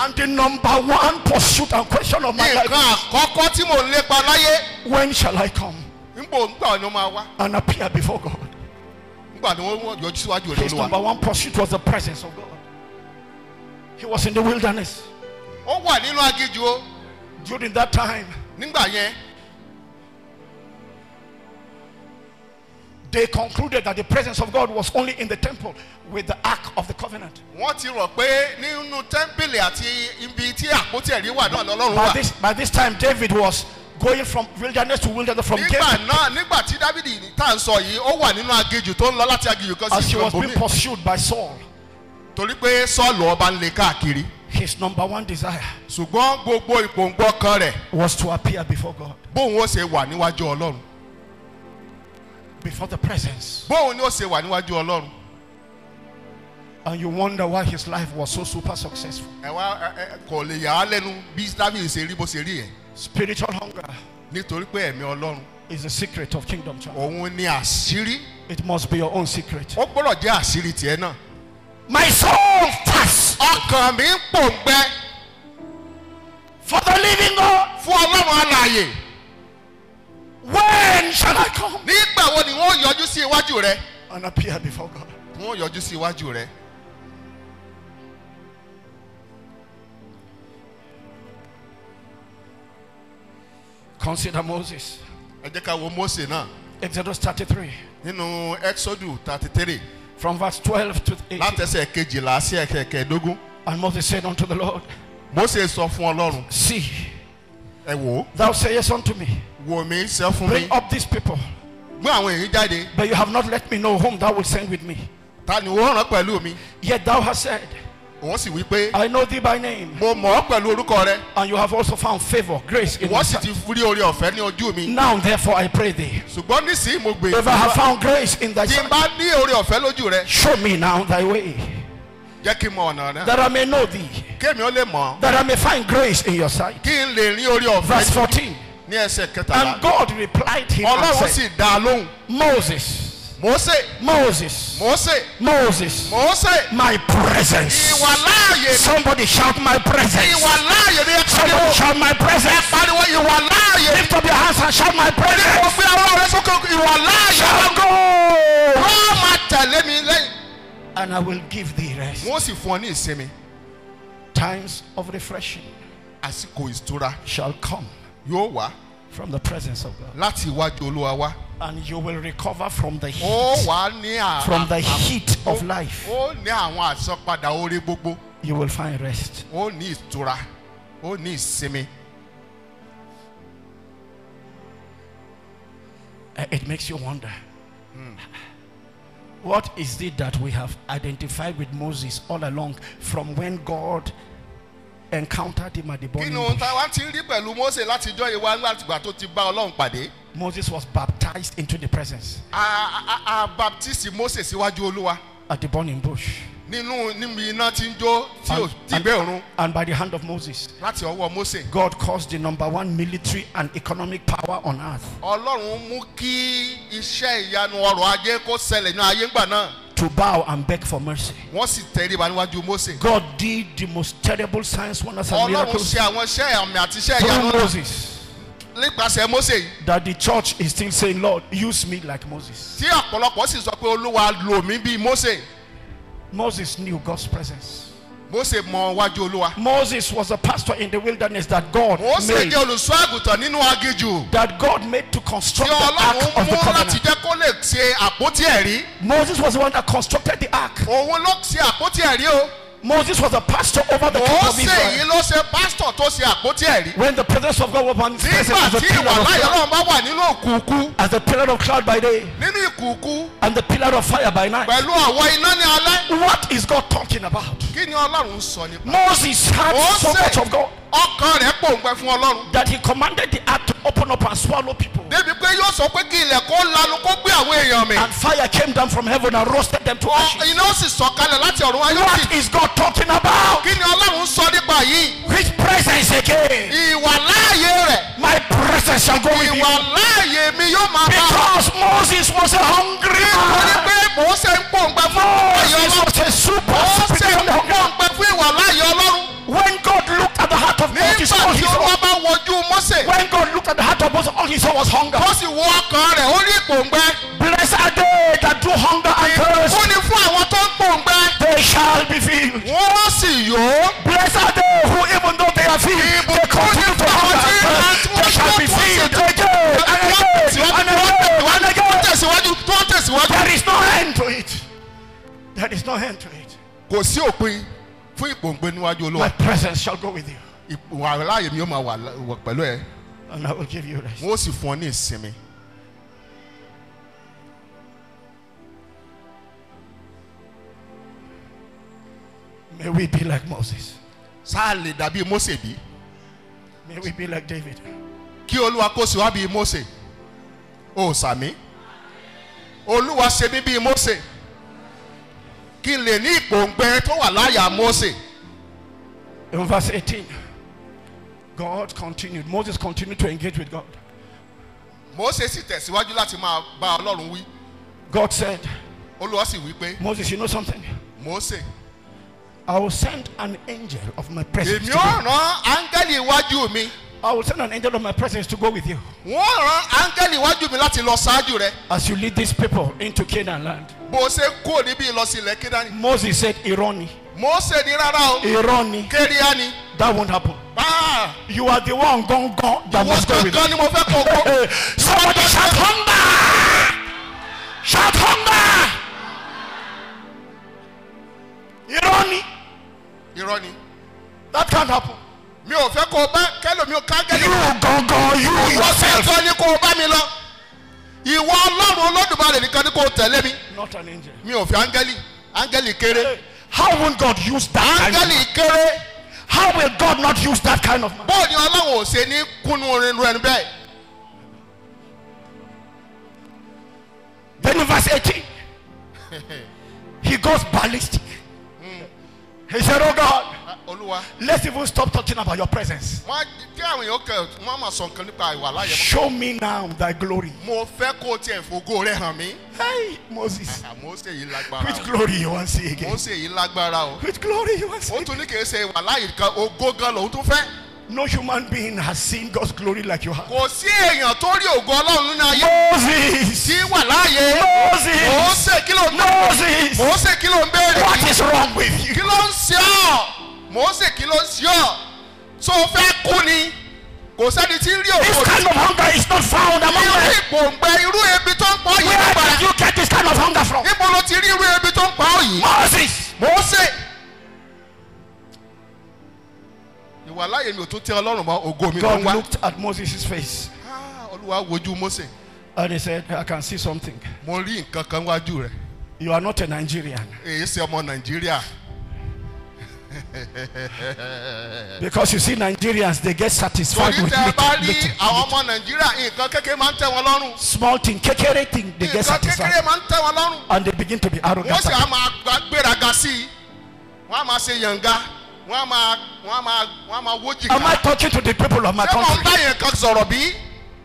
S2: And the number one pursuit and question of my life. Nǹkan When shall I come? And appear before God. Ngbà His number one pursuit was the presence of God. He was in the wilderness. Ó wà nínú aginjù you. During that time. They concluded that the presence of God was only in the temple with the ark of the covenant. What you rock? By this by this time David was going from wilderness to wilderness from David. ń As he was being pursued by Saul. torí pé sọ́ọ̀lù ọba ń le káàkiri. his number one desire. ṣùgbọ́n gbogbo ìpòǹgbọ́ kan rẹ̀. was to appear before God. bóun ó ṣe wà níwájú ọlọ́run. before the presence. bóun ni ó ṣe wà níwájú ọlọ́run. and you wonder why his life was so super successful. ẹ wá kò lè yà á lẹ́nu bí David ṣe rí bó ṣe rí yẹn. spiritual hunger. nítorí pé ẹ̀mí ọlọ́run. is the secret of kingdom òun ni àṣírí. it must be your own secret. ó gbọ́dọ̀ jẹ́ àṣírí tiẹ̀ náà
S3: my soul thirsts. ọkàn mi ń
S2: pòǹgbẹ. for the living God. fún ọlọ́run alààyè. when shall I come. nígbà wo ni wọ́n yọjú sí iwájú rẹ. and appear before God. wọ́n yọjú sí iwájú rẹ. consider moses. ẹ jẹ́ ká wo mose náà. exodus thirty three. nínú exodus thirty three. From verse 12 to 18. Látẹsẹ̀ kejìlá sí ẹ̀kẹ́ kẹ̀ẹ́dógún. And Moses said unto the Lord. Mose sọ fún Ọlọ́run. See. Ẹ wò. Thou sayest unto me. Wò mí sọ fún mi. Bring up these people. Gbé àwọn èyí jáde. But you have not let me know whom thou wilt send with me. Ta ni wọ́n rán pẹ̀lú mi? Yet thou hast said. wọ́n sì wí pé. I know thee by name. mo mọ̀ ọ́ pẹ̀lú orúkọ rẹ. and you have also found favour grace. ìwọ sì ti rí oore ọ̀fẹ́ ní ojú mi. now therefore I pray thee. ṣùgbọ́n nísìnyí mo gbè. if I have found grace in thy sight. tí n bá ní oore ọ̀fẹ́ lójú rẹ. show me now thy way. jẹ́ kí n mọ ọ̀nà rẹ. that I may know thee. kémi ó lè mọ̀. that I may find grace in your sight. kí n lè rí oore ọ̀fẹ́. verse fourteen.
S1: ní ẹsẹ̀ kẹtàlá. and God
S2: replied him and said. ọlọ́run sì dá a lóhùn. Moses. Moses, Moses. Moses, Moses. Mose. My presence. Somebody shout my presence. Somebody shout my presence. Lift up your hands and shout my presence. Shout God. And I will give thee rest. funny? me. Times of refreshing shall come from the presence of God. And you will recover from the heat. From the heat of life. You will find rest. Uh,
S1: it makes you wonder. Mm. What is it that we have identified with Moses all along from when God encountered him at the burning bush. kí ni ohun
S2: táwa ti rí pẹ̀lú Mósè látijọ́ ìwá nígbà tó ti bá Ọlọ́run pàdé. Moses was baptized into the presence. a a a baptist Mósè síwájú Olúwa. at the burning bush. nínú níbi iná tí ń jó tí ò tí bẹ́ẹ̀ run. and by the hand of Moses. láti ọwọ́ Mósè. God caused the number one military and
S1: economic power on earth.
S2: Ọlọ́run mú kí iṣẹ́ ìyanu ọrọ̀ ajé kó ṣẹlẹ̀ ní ayé ńgbà náà
S1: to bow and beg for mercy. wọ́n
S2: sì tẹríba níwájú Mósè. God did the most terrible signs wonders and miracles. Ọlọ́run ṣe àwọn iṣẹ́ àmì àti iṣẹ́ ìyanu náà. Moses. nípasẹ̀ Mósè that the church is still saying Lord use me like Moses. tí ọ̀pọ̀lọpọ̀ sì sọ pé Olúwa lò mí bíi Mósè. Moses knew God's presence. Moses was a pastor in the wilderness that God made. That God made to construct the ark of the covenant. Moses was the one that constructed the ark. Moses was a pastor over the kingdom of Israel. pastor tó When the presence of God was on his presence as a pillar of cloud. by day. And the pillar of fire by night. What is God talking about? Moses had so much of God. ọkàn rẹ̀ pòǹgbẹ fún ọlọ́run. that he commanded the earth to open up and swallow people. débi pé yóò sọ pé kí ilẹ̀ lanu kó gbé àwọn èèyàn mi. and fire came down from heaven and roasted them to ashes. iná ó sì sọ̀kalẹ̀ láti ọ̀run ayé òkè. what is God talking about. kí ni ọlọ́run sọ nípa yìí. which presence again. ìwà rẹ̀. my presence shall go with you. ìwà mi yóò máa bá. because Moses was a hungry man. nítorí pé Mose ń pòǹgbẹ fún ìwà ọlọ́run. Moses was a super spiritual man. Mose ń pòǹgbẹ fún ìwà heart of Moses. nígbà tí ó bá wojú Mósè. when God looked at the heart of Moses all he saw was hunger. Because he walk on the Holy rí blessed are they that do hunger and thirst. ìfúnni fún àwọn tó ń pòǹgbẹ. they shall be filled. wọ́n sì yó.
S3: blessed are they who even though they are filled. they continue to hunger and thirst. they shall be filled there is no
S2: end to it. there is no end to it. my presence shall go with you. ìwà láàyè yóò máa wà pẹ̀lú ẹ. and I will give you rest. wọ́n sì fún ọ ní ìsinmi. May we be like Moses. Sáà lè dàbí Mósè bí. May we be like David. Kí Olúwa kó sí wa bíi Mósè. O sàmí. Olúwa ṣe mí bíi Mósè. Kí n lè ní ìpòǹgbẹ tó wà láyà Mósè. In verse eighteen. God continued. Moses continued to engage with God. Mose tẹ̀síwájú láti máa bá Ọlọ́run wí. God said. Olúwa sì wí pé. Moses, you know something? Mose. I will send an
S1: angel of my presence. Èmi ó
S2: rán áńgẹ́lì iwájú mi. I will send an angel of my presence to go with you. Wọ́n rán áńgẹ́lì iwájú mi láti lọ ṣáájú rẹ. As you lead these people into Canaan land. Bó ṣe kúrò níbí lọ sí Moses said, Ironi. Mose ni rárá o. Irọ́ ni. Kéríà ni. That won't happen. Ah. You are the one gangan that was going with it. Ìwọ gangan ni mo fẹ́ kọ̀
S3: Somebody shout hunger!
S2: Shout hunger! Irọ́ ni. Irọ́ ni. That can't happen. Mi ò fẹ́ kó o bá kẹ́lòmí o ká gẹ́lẹ́. You gangan you yourself. Ìwọ fẹ́ sọ ni kó o bá mi lọ ìwọ ọlọ́run olódùmarè nìkan ni kò tẹ̀lé mi. not an angel. mi ò fi áńgẹ́lì áńgẹ́lì kéré How will God use that? How will God not use that kind of man? Then in verse eighteen, he goes ballistic. Hmm. He said, Oh God. let's even stop talking about your presence. show me now thy glory. hey moses. Ah, which glory you wan see again. which glory you wan see again. No human being has seen God's glory like you have. Kò sí èèyàn tó rí ògo Ọlọ́run ní ayé. Moses. Tí wà láàyè. Moses. Mò ń ṣe kí ló ń Moses. Mò ń ṣe kí ló ń bẹ̀rẹ̀. What is wrong with you? Kí ló ń ṣe ọ́? Mósè kí ló sí ọ tó fẹ́ kú ni kò sẹ́ni tí rí òkú. this kind of hunger is not found among men. irú ìpòǹgbẹ irú ebi tó ń pa òyìn nípa. where did you get this kind of hunger from. níbo ló ti rí irú ebi tó ń pa òyìn. Moses. Mósè. ìwà láyé mi ò tún tẹ ọlọ́run mọ́ ògo mi ló God looked at Moses' face. ah olúwa wojú Mósè. and he said I can see something. mo rí nǹkan kan wájú rẹ. you are not a Nigerian. èyí ṣe ọmọ Nàìjíríà. because you see Nigerians they get satisfied with little little thing. àwọn ọmọ Nàìjíríà nǹkan kékeré máa ń tẹ́ wọn lọ́rùn. small thing kékeré thing they get satisfied. nǹkan kékeré máa ń tẹ́ wọn lọ́rùn. and they begin to be arrogant. wọ́n sì á máa gbéraga sí i wọ́n á máa ṣe yànga wọ́n á máa wọ́n á máa wọ́n á máa wó am I talking to the people of my country. ṣé mo bá yẹn kan sọ̀rọ̀ bí.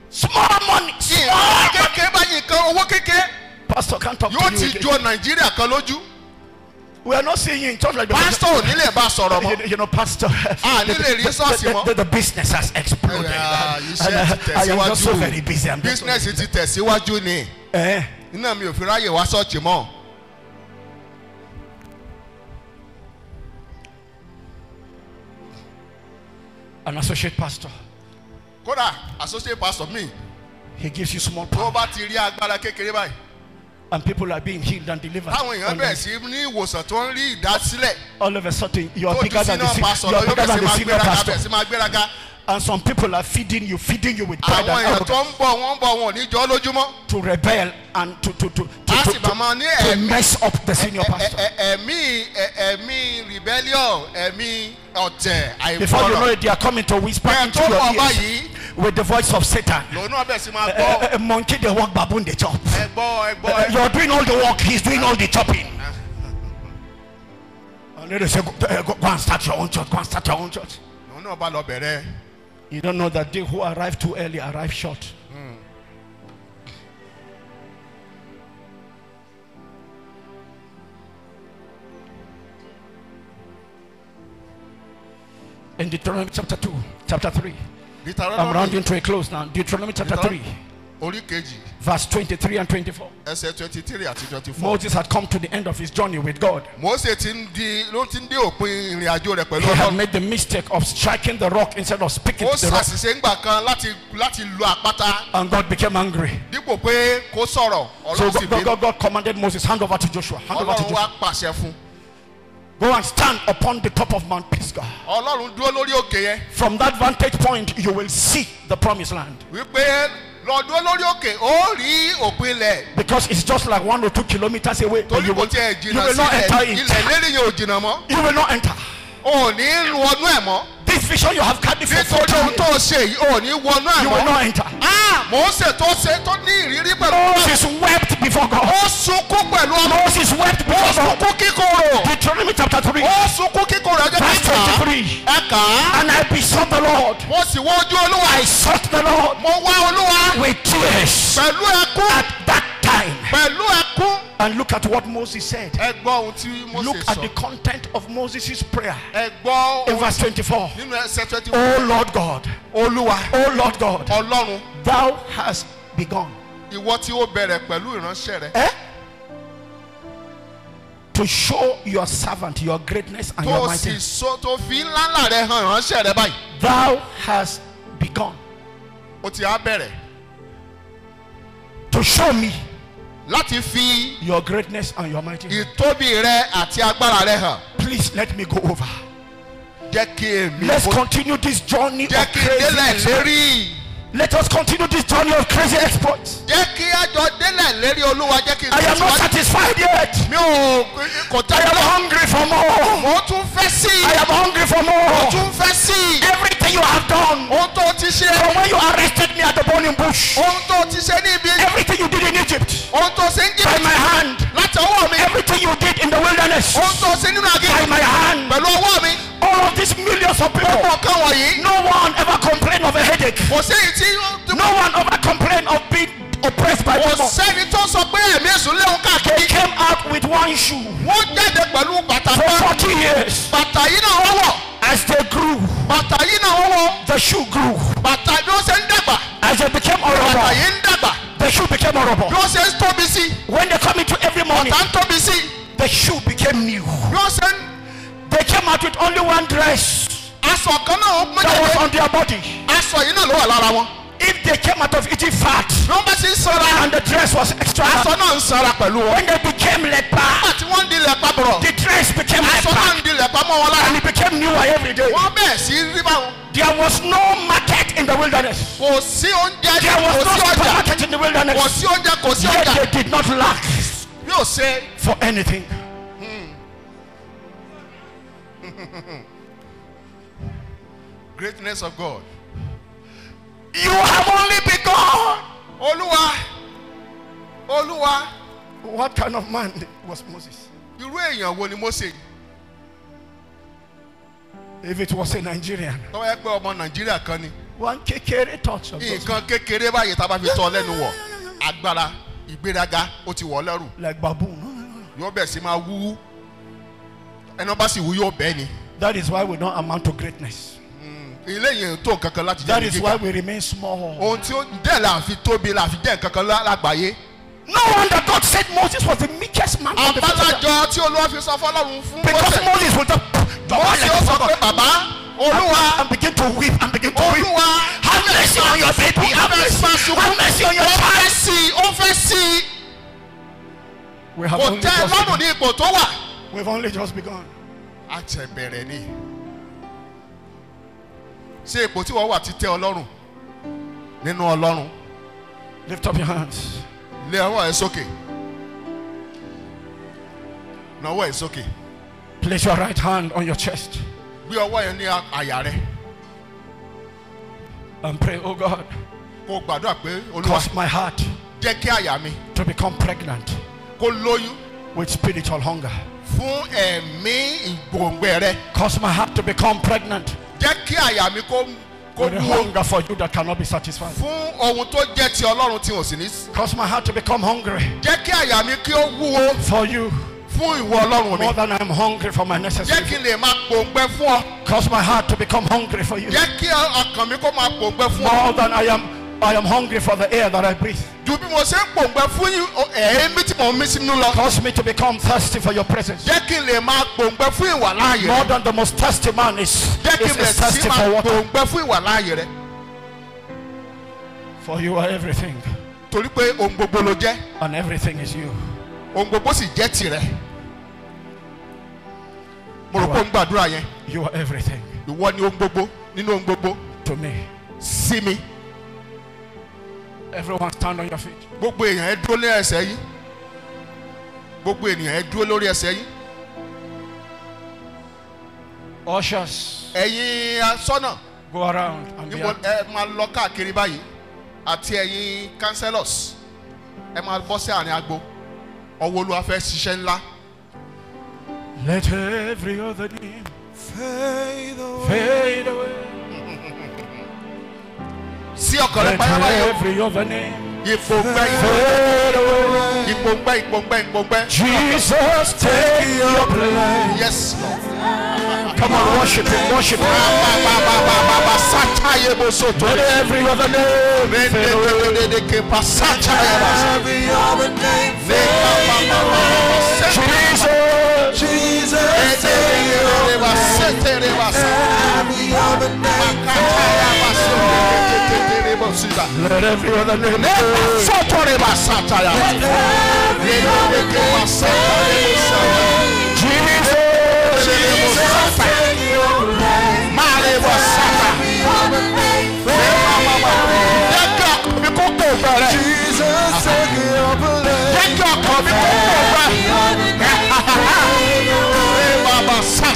S2: small money. small money. kékeré báyìí nǹkan owó kékeré. pastor can't talk to you again. yóò ti jọ Nàìjíríà kan lójú we are not seeing you in church like that. pastor ò bá sọ̀rọ̀ mọ́. you know pastor. Ah, nílẹ̀ rí sọ́ọ̀sì the business has
S3: exploded. iṣẹ́ ti tẹ̀síwájú. I am just so very busy. I'm business
S2: ti tẹ̀síwájú ni. Eh? iná mi ò fi ráyè wá sọ́ọ̀sì mọ́.
S1: an associate pastor.
S2: kódà associate pastor mi. he gives you small power. tó bá ti rí agbára kékeré báyìí and people are being healed and delivered. táwọn èèyàn bẹ̀rẹ̀ sí ní ìwòsàn tó ń rí ìdásílẹ̀. all of a sudden you bigger than the senior you bigger than the senior pastor. and some people are feeding you feeding you with pride and arrogance. àwọn èèyàn tó ń bọ̀ wọ́n ń bọ̀ wọn ò lójúmọ́. to rebel and to to to to to to, mess up the senior pastor. ẹ̀mí ẹ̀mí rebellion ẹ̀mí ọ̀tẹ̀ àìfọ̀rọ̀. before you know it they are coming to whisper into your ears. ẹ̀ tó pọ̀ báyìí with the voice of Satan. A eh, eh, eh, monkey they walk baboon they chop. You're doing all the work, he's doing all the chopping. Ah. And they say, go, and start your own church. Go and start your own church. You don't know that they who arrive too early arrive short. Hmm. in Deuteronomy chapter 2, chapter 3.
S3: I'm rounding to a
S2: close now. Deuteronomy chapter 3. Verse 23 and 24. Moses had come to the end of his journey with God. He had made the mistake of striking the rock instead of speaking to the rock. And God became angry. So God, God, God commanded Moses, hand over to Joshua. Hand over to Joshua. Go and stand upon the top of Mount Pisgah. Ọlọ́run dúró lórí òkè yẹn. From that vantage point, you will see the promised land. Wípé lọ dúró lórí òkè ó rí òpin ilẹ̀. because it's just like one or two kilometers away. torí kò tiẹ̀ jìnnà sí ilẹ̀ ilẹ̀ lẹ́yìn ò jìnnà mọ́. you will not enter. o ò ní wọnú ẹ̀ mọ́ this vision you have carried for forty years. nítorí tó ṣe yìí ò ní wọnú àná. you will not enter. ah Mósè tó ṣe tó ní ìrírí pẹ̀lú. Moses wept before God. ó sunkún pẹ̀lú ọmọ. Moses wept before God. ó sunkún kíkorò. Deuteronomy chapter three. ó sunkún kíkorò verse twenty three. ẹ and I besought the Lord. mo sì wá ojú Olúwa. I sought the Lord. mo wá Olúwa. with tears. pẹ̀lú ẹkún. at that time. pẹ̀lú ẹkún. and look at what Moses said. ẹ ohun tí Mose sọ. look at the content of Moses' prayer. ẹ gbọ́ ohun in verse twenty-four. nínú ẹsẹ̀ twenty-four. o lord god. olúwa. o lord god. ọlọ́run. thou has begun. ìwọ tí ó bẹ̀rẹ̀ pẹ̀lú ìránṣẹ́ rẹ. Eh? to show your servant your greatness and your might. tó sì so tó fi ńláńlá rẹ hàn ìránṣẹ́ rẹ báyìí. thou has begun. o ti á bẹ̀rẹ̀. to show me láti fi. your greatness and your might. ìtóbi rẹ àti agbára rẹ hàn. please let me go over. jẹ́ kí èmi. let's continue this journey of praise. jẹ́ kí délẹ̀ lérí. Let us continue this journey of crazy exploits. Jẹ́ kí a délẹ̀ lérí Olúwa jẹ́ kí I am not satisfied yet. Mi ò kò tẹ́ lọ. I am hungry for more. Mo tún fẹ́ sí i. I am hungry for more. Mo tún fẹ́ sí i. Everything you have done. Ohun tó ti ṣe. From when you arrested me at the burning bush. Ohun tó ti ṣe ní ibi. Everything you did in Egypt. Ohun tó ṣe ń jẹ́. By my hand. Láti ọwọ́ mi. Everything you did in the wilderness. Ohun tó ṣe nínú àgé. By my hand. Pẹ̀lú ọwọ́ mi all of these millions of people. no one ever complained of a headache. no one ever complained of being oppressed by demon. kò came out with one shoe. wọ́n jáde pẹ̀lú bàtà kan. for 40 years. bàtà yìí náà wọ́n as they grew. bàtà yìí náà wọ́n the shoe grew. bàtà yóò ṣe as they became horrible. bàtà yìí the shoe became horrible. yóò ṣe ń tóbi when they come into every morning. bàtà ń tóbi the shoe be came out with only one dress. aṣọ kan náà wọ́n pẹ́ that was on their body. aṣọ yìí náà ló wà lára wọn. if they came out of eating fat. wọ́n bá ṣe ń and the dress was extra. aṣọ náà ń sọra pẹ̀lú wọn. when they became leper. nígbà tí wọ́n ń di leper bọ̀rọ̀. the dress became leper. aṣọ náà ń di leper mọ́ wọn lára. and it became newer every day. wọ́n bẹ̀ẹ̀ sí rí báwọn. there was no market in the wilderness. kò sí oúnjẹ. there was no supermarket in the wilderness. kò sí oúnjẹ kò sí ọjà. yet they did not lack. yóò ṣe. for anything. Greatness of God. You have only begun. Olúwa. Olúwa. What kind of man was Moses? Irú èèyàn wo ni Mose? If it was a Nigerian. Tọ́wọ́ ẹ pé ọmọ Nàìjíríà kan ni. One kékeré touch of God. Nǹkan kékeré báyìí tá a bá fi tọ́ lẹ́nu wọ̀. Agbára ìgbéraga ó ti wọ̀ lẹ́rù. Like baboon. Yóò bẹ̀ sí máa wú ẹnu bá sì wú yóò bẹ́ẹ̀ ni. that is why we don't amount to greatness. Hmm, eléyìí tó kankan láti jẹ́ ní kíkà. that is why we remain small. ohun tí ó dẹ̀ la fi tóbi la fi dẹ̀ kankan lágbàáyé. No wonder God said Moses was the meekest man. Àbájájọ tí Olúwa fi sọ fọlọ́run fún Mose. Because Moses was the. Mose yóò sọ pé bàbá Olúwa. And begin to weep and begin to weep. Olúwa have mercy on your baby have mercy have mercy on your child. Ó fẹ́ sí i ó fẹ́ sí i. Kò tẹ́ lọ́dún ní ipò tó wà. We've only just begun. Àtẹ̀bẹ̀rẹ̀ ni. Ṣé ipò buti ti tẹ́ Ọlọ́run nínú Ọlọ́run? Lift up your hands. Lé ọwọ́ is okay. Na ọwọ́ is okay. Place your right hand on your chest. Gbé ọwọ́ yẹn ní àyà rẹ. And pray, oh God. Kò gbàdúrà pé Olúwa. Cause my heart. Jẹ́ kí àyà mi. To become pregnant. Kó lóyún. With spiritual hunger fún ẹ̀mí ìgbòǹgbẹ rẹ. cause my heart to become pregnant. jẹ́ kí àyà mi kó kó dúró. with a hunger for you that cannot be satisfied. fún ohun tó jẹ́ ti ọlọ́run tí ò sì ní. cause my heart to become hungry. jẹ́ kí àyà mi kí ó wúwo. for you. fún ìwọ ọlọ́run mi. more than I am hungry for my necessary. jẹ́ kí n lè máa pòǹgbẹ fún ọ. cause my heart to become hungry for you. jẹ́ kí ọkàn mi kó máa pòǹgbẹ fún ọ. more than I am. I am hungry for the air that I breathe. Eh, Cause me to become thirsty for your presence. More than the most thirsty man is, is, thirsty for water. For you are everything. And everything is you. mo rò you are everything. to me. sí mi. everyone stand on your feet. gbogbo èèyàn ẹ dúró lórí ẹsẹ̀ yín gbogbo ènìyàn ẹ dúró lórí ẹsẹ̀ yín. ushers. ẹ̀yin asọ́nà. go around and be happy. ẹ máa lọ káàkiri báyìí àti ẹ̀yin councillors ẹ máa bọ́ sí àárín agbo ọwọ́ olúwa fẹ́ ṣiṣẹ́ ńlá.
S1: let every other name
S3: fade away. Fade away. sí you rẹ pàyàmà
S2: yóò ìpòǹgbẹ ìpòǹgbẹ Jesus take your place. Yes Lord. Come on worship him worship him. Let every other name fade away. Dedededeke Every other name fade
S3: away. Jesus Jesus take your place. Let every other name Jesus, take your place. Take your place.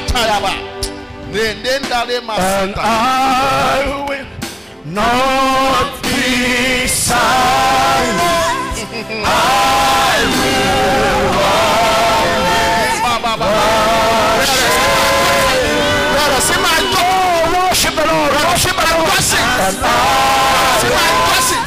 S3: Jesus, your place. And I will not be silent. I will always worship. Let us worship the Lord. Worship the Lord. Blessing. And I will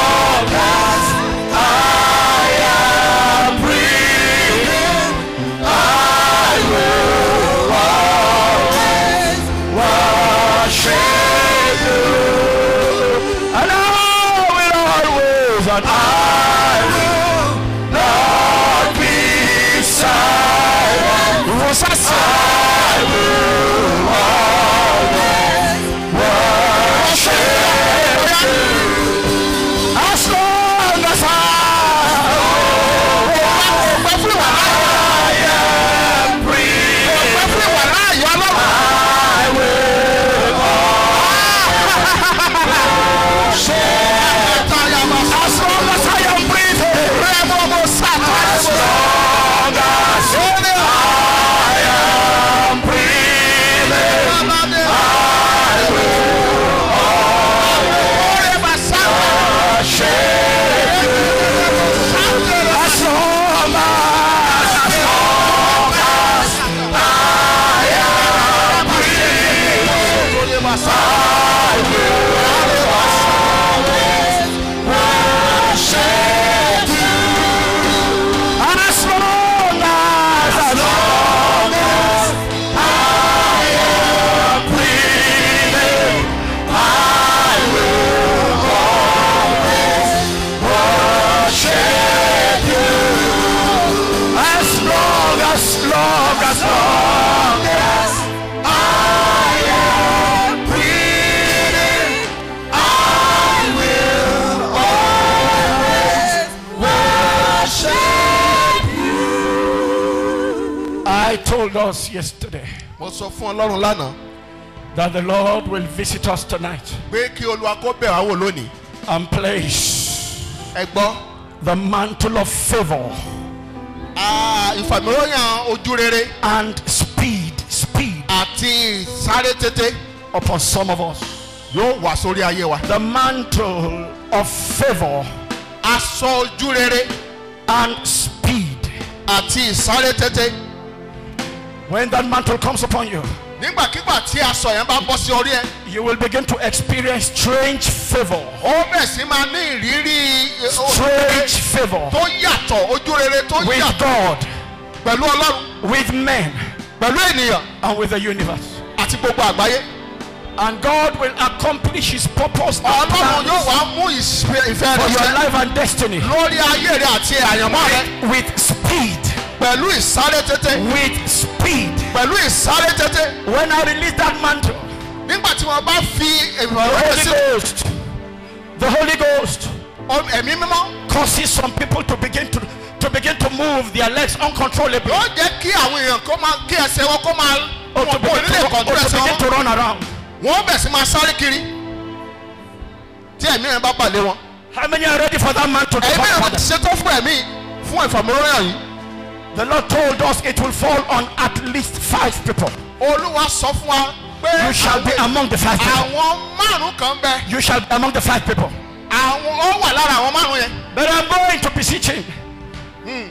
S2: told us yesterday that the Lord will visit us tonight. and place. the mantle of favour. and speed speed. àti sáré upon some of us. the mantle of favour. aṣọ jewelry and speed. àti sáré when that mantle comes upon you, you will begin to experience strange favour. strange favour. tó with God. with men. and with the universe. and God will accomplish his purpose and plans for your life and destiny. with speed. pẹ̀lú ìsáré tètè. with speed. pẹ̀lú ìsáré tètè. when I release that mantle. nígbà tí wọ́n bá fi ìrànlọ́wọ́ sí. the holy ghost the holy ghost. ẹ̀mí mímọ́. causes some people to begin to to begin to move their legs uncontrollably. yóò jẹ́ kí àwọn èèyàn kó máa kí ẹsẹ̀ wọn kó máa. o to begin to run o to begin to run around. wọ́n bẹ̀ sí máa sáré kiri tí ẹ̀mí rẹ̀ bá balẹ̀ wọn. how many are ready for that man to. ẹ̀mí rẹ̀ ti ṣetán fún ẹ̀mí fún ìfàmúlòyàn yìí. The Lord told us it will fall on at least five people. You shall be among the five people. You shall be among the five people. But I'm going to beseeching. Hmm.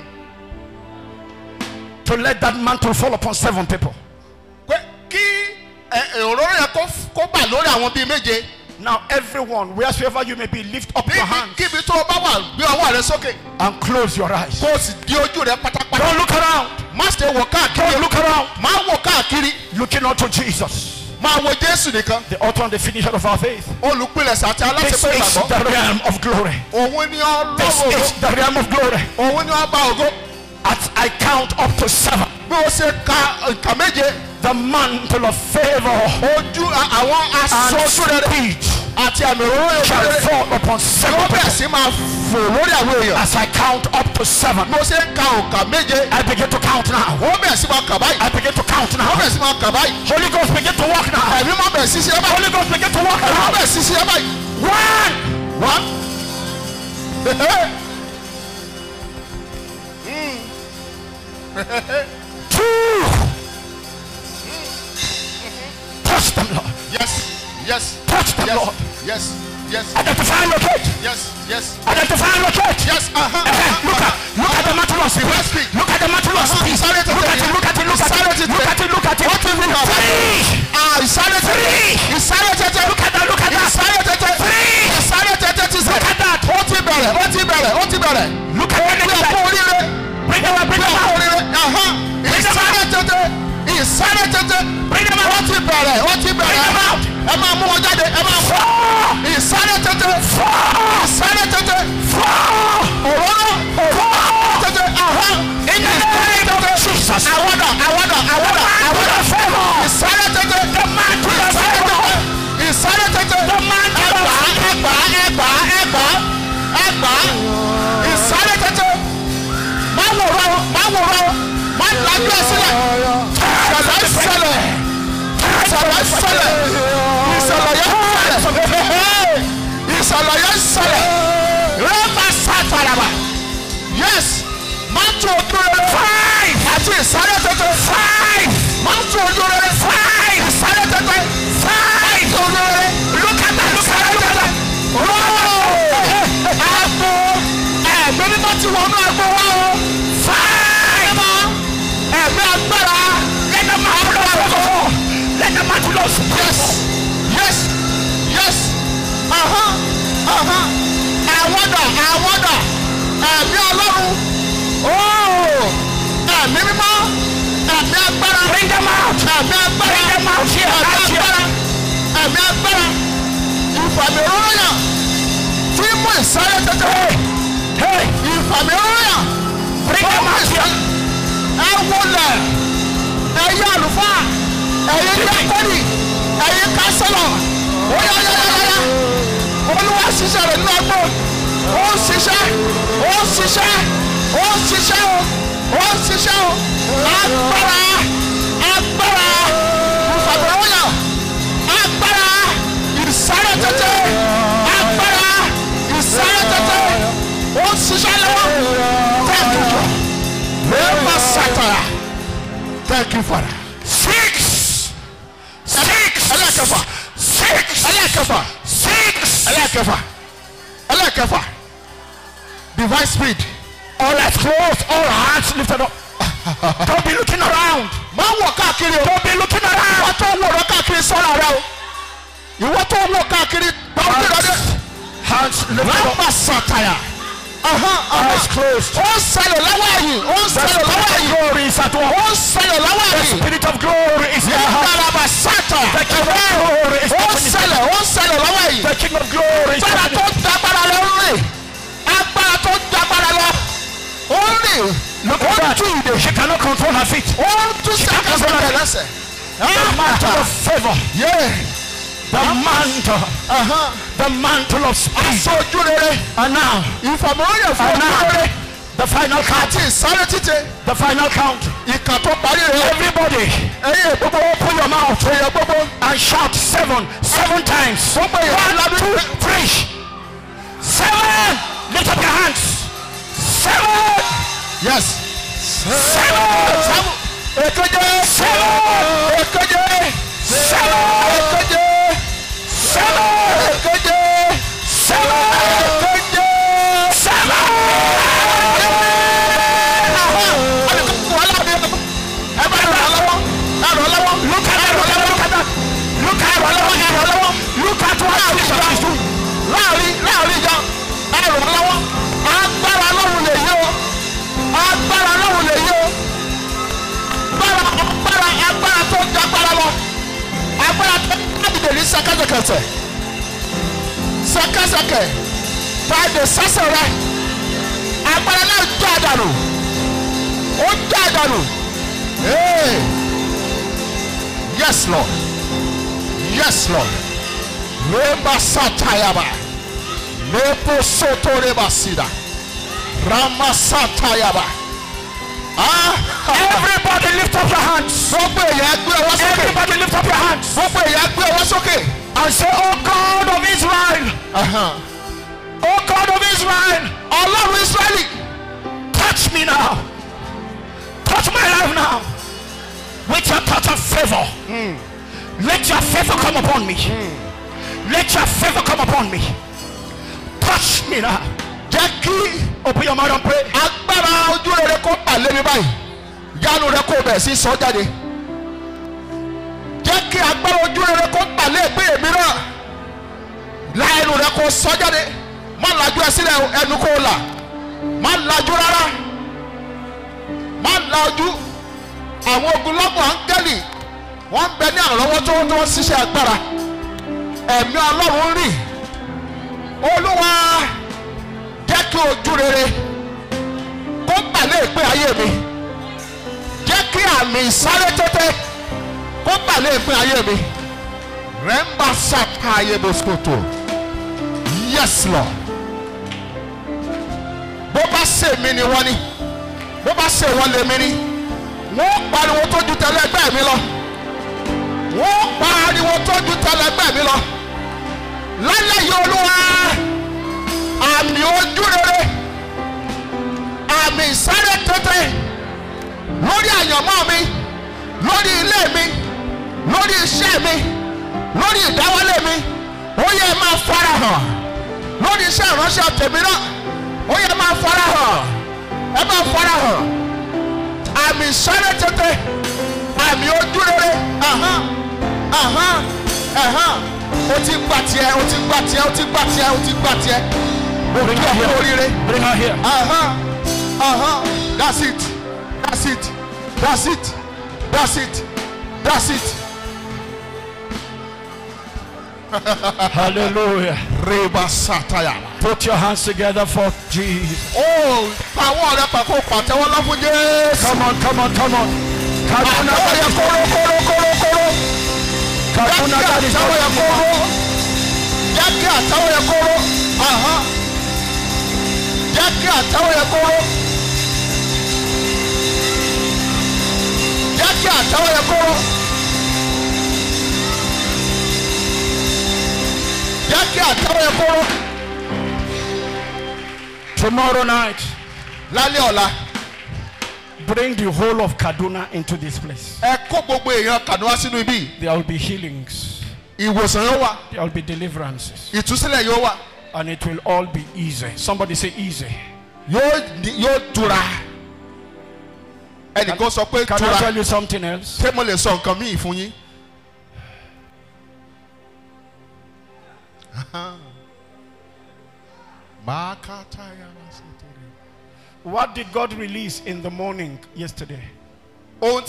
S2: To let that mantle fall upon seven people. Now, everyone, wherever you may be, lift up your hands. Kíbi tó o bá wà gbé ọwọ́ rẹ sókè. And close your eyes. Kó di ojú rẹ pátápátá. Don't look around. Má ṣe wò káàkiri. Don't look around. Má wò káàkiri. Looking unto Jesus. Máa wo Jésù nìkan. The author and the finisher of our faith. Olùpilẹ̀sẹ̀ àti aláṣepẹ̀ ìgbàgbọ́. This is the realm of glory.
S3: Òun ni ọlọ́wọ́. This is the realm
S2: of glory. Òun ni ọba ògo. As I count up to seven. ṣe ka nǹkan méje. the mantle of favour. ojú àwọn aṣọ sórí rẹ̀ àti àmì òróró ìwà rẹ̀. shall fall upon seven people. as I count up to seven. I begin to count now. I begin to count now. Holy Ghost begin to walk now. Holy Ghost begin to work now. ẹ̀mí máa bẹ̀rẹ̀ sí sí one.
S3: one. Hmm.
S2: Touch them, Lord. Yes, yes. Touch them, yes. Lord. Yes, yes. Identify your
S1: church. Yes, yes.
S2: Identify your church. Yes, uh uh-huh, huh. Uh-huh, look at, uh-huh. look at the matulus. Look at the matulus. Look at it, look at it, look at it, look at it, look at it. What do you have? Free. Ah, he silenced free. Three. He silenced Look at that, look at that. He silenced it. Three. He silenced it. Look at that. Ó ti bẹ̀rẹ̀, ó ti bẹ̀rẹ̀, ó ti bẹ̀rẹ̀. Look at that. Bring it up, Bring it up. Uh huh ìsáré-tètè ìsáré-tètè
S3: ó ti bẹ̀rẹ̀ ó ti bẹ̀rẹ̀ ẹ máa mú wọn jáde ẹ máa fọ́ ìsáré-tètè ìsáré-tètè òróró tètè ahọ́n ìsáré-tètè àwọ̀dọ̀ àwọ̀dọ̀ àwọ̀dọ̀ àwọ̀dọ̀ ìsáré-tètè. sílẹ̀ ìṣẹ̀lẹ̀ ìṣẹ̀lẹ̀ ìṣẹ̀lẹ̀ ìṣẹ̀lẹ̀ ìṣẹ̀lẹ̀ yẹn ṣẹlẹ̀
S2: ìṣẹ̀lẹ̀ yẹn ṣẹlẹ̀ rẹ́bà sàtàràbà yes mọ́tò
S3: òdúró five àti ìsáré tuntun five mọ́tò òdúró hàn àwọn dà àwọn dà ẹ̀mí ọlọ́run ooo ẹ̀mí mímọ́ ẹ̀mí agbára ẹ̀mí agbára ẹ̀mí agbára ẹ̀mí
S2: agbára ìfàmì rúrúyà
S3: tí mú ìsáré tètè ìfàmì rúrúyà tó mú ìsáré ẹ wọlé ẹyẹ àlùfáà ẹyẹ diakoni ẹyẹ kásọlọ ó yá yá yá yá. olúwa ṣiṣẹ́ rẹ̀ nínú agbó ó ń ṣiṣẹ́ ó ń ṣiṣẹ́ ó ń ṣiṣẹ́ o ó ń ṣiṣẹ́ o agbára agbára mo fàbẹ̀rẹ̀ wọ́n yàn agbára ìsáré tètè agbára ìsáré tètè ó ń ṣiṣẹ́ lọ́wọ́ thank you for mẹ́fà sátara thank you for six six ẹlẹ́kẹfà six ẹlẹ́kẹfà. ẹlẹ́kẹfà
S2: ẹlẹ́kẹfà divine speed all eyes closed all hearts lifted up. don't be looking around. má wọ káàkiri o. don't be looking around. wọ́n tó ń wọ̀rọ̀ káàkiri sọ́ra rẹ o. ìwọ́n tó ń wọ̀ káàkiri. báwo hands lifted up. rábà sàtàyà eyes closed. ó ń sẹlẹ̀ lọ́wọ́ ẹ̀yìn ó ń sẹlẹ̀ lọ́wọ́ ẹ̀yìn. the spirit of glory is at work. ó ń sẹlẹ̀ lọ́wọ́ ẹ̀yìn. the spirit of glory is at work. ìgbàlàbà sátọ̀. the king of glory is at work. ó ń sẹlẹ̀ ó ń sẹlẹ̀ lọ́wọ́ ẹ̀yìn. the king of glory is at work. agbára tó dágbára lọ ń rìn agbára tó dágbára lọ ó ń rìn. look at that she cannot control her feet. ó ń tún sẹ́kẹ̀ rẹ̀ lẹ́sẹ̀.
S3: no the mantle, uh-huh. the mantle of speed. And now, if I'm only for the final count.
S2: The final count. Everybody, open your mouth
S3: and shout seven, seven times. One, two, three. Seven. Lift up your hands. Seven. Yes. Seven. Seven. Seven.
S2: sakasakɛsɛ sakasakɛ paade sasɛrɛ agbara náà tó àdánù ó tó àdánù ee yes lord yes lord meba satayaba mebo sotoreba sida rama satayaba.
S3: Ah, everybody lift up your hands. Everybody gbogbo ẹ̀yà gbé ọwọ́ sókè. and say o oh God of Israel. o oh God of Israel. ọlọ́run Israẹli touch me now touch my life now with your touch of favour. Mm.
S2: let your favour come upon me. Mm. let your favour come upon me. touch me now. jẹ́ kí òpin ọmọ rẹ pé agbára ojú rere kó pàlẹ́ mi báyìí yánu rẹ kó bẹ̀ sí sọ jáde kí agbára ojú rere kó gbàlẹ́ pé èmi náà la ẹnu rẹ kó sọ jáde má lajú ẹ sílẹ̀ ẹnu kó là má lajú rárá má lajú àwọn ogunlọ́gbọ̀n áńgẹ́lì wọ́n ń bẹ ní àrọ́wọ́ tó wọ́n ṣiṣẹ́ agbára ẹ̀mí ọlọ́run rìn olúwa jẹ́ kí ojú rere kó gbàlẹ́ pé ayé mi jẹ́ kí àmì ìsáré tètè kó gbàlẹ́ ìpín ayé mi rẹ́mbà ṣàkà ayé bosoto yes lord bó bá ṣe mí ni wọ́n ní bó bá ṣe wọ́n lè mí ní wọ́n pariwo tó ju tẹlẹgbẹ́ mi lọ wọ́n pariwo tó ju tẹlẹgbẹ́ mi lọ lálẹ́ yìí olúwa àmì ojú rere àmì ìsáré tètè lórí àyànmọ́ mi lórí ilé mi lórí iṣẹ́ mi lórí ìdáwọ́lé mi ó yẹ máa farahàn lórí iṣẹ́ ìránṣẹ́ tèmi náà ó yẹ máa farahàn ẹ máa farahàn àmì sáré tètè àmì ojú rere ahán ahán ahán o ti gbà tiẹ o ti gbà tiẹ o ti gbà tiẹ o ti gbà tiẹ o kí ọkọ oríire ahán ahán that's it that's it that's it that's it that's it. Hallelujah. Reba
S1: Put your hands together for Jesus. Oh, Jesus.
S2: come on, come on, come on.
S3: Kaduna gari koro koro koro koro. Kaduna gari koro koro. Jaki atawo ya koro. Aha. Jaki atawo ya koro. Jaki atawo ya koro.
S2: tomorrow night. Laliola, bring the whole of Kaduna into this place. there will be healings. ìwòsàn yóò wà. there will be deliverances. ìtúsílẹ̀ yóò wà. and it will all be easy. somebody say easy. yóò yóò tura. ẹnìkan can I tell you something else. What did God release in the morning yesterday? How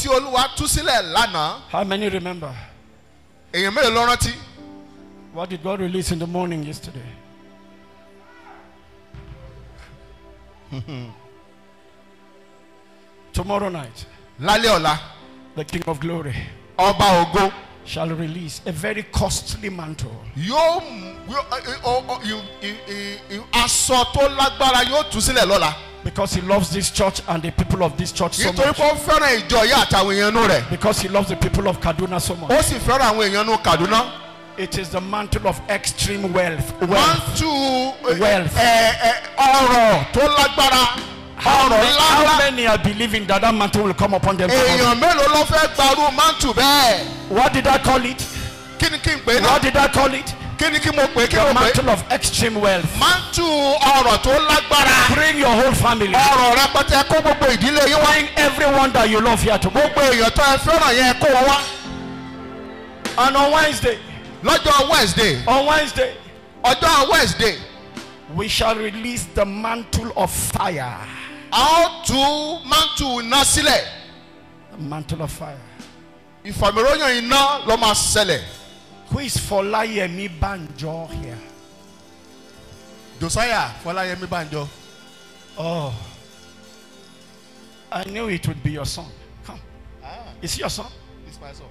S2: many remember?
S1: What did God release in the morning yesterday?
S2: Tomorrow night. Lálẹ́ The King of Glory. shall release a very costly mantle. yóò aṣọ tó lágbára yóò tú sílẹ̀ lọ́la. because he loves this church and the people of this church so much. nítorí pé ó fẹ́ràn ìjọ yìí àtàwọn èèyàn rẹ̀. because he loves the people of Kaduna so much. ó sì fẹ́ràn àwọn èèyàn inú Kaduna. It is the mantle of extreme wealth. wealth. mantle wealth. ọ̀rọ̀ tó lágbára ọ̀rọ̀ ńlá ńlá. how many are believing that that mantle will come upon them. èèyàn mélòó ló fẹ́ gbarú mantle bẹ́ẹ̀. what did I call it. kí ni kí n pè é náà. what did I call it kí ni kí mo pè kí mo pè. the mantle of extreme wealth. mantle ọrọ̀ tó lágbára. bring your whole family. ọrọ̀ rẹpẹtẹ kó gbogbo ìdílé yín wá. bring everyone that you love here to. gbogbo èèyàn tó ẹ fẹ́ràn yẹn kó wá. and on wednesday. lọ́jọ́ wednesday. on wednesday. ọjọ́ wednesday. we shall release the mantle of fire. How to mantle iná sílẹ̀. A mantle of fire. If I'm Ìfàmìlóyún iná ló máa ṣẹlẹ̀. Who is Fọláyẹmí Banjo here? Josiah Fọláyẹmí Banjo. Oh,
S1: I knew it would be your son. Come. Ah. Is he your son? It's my son.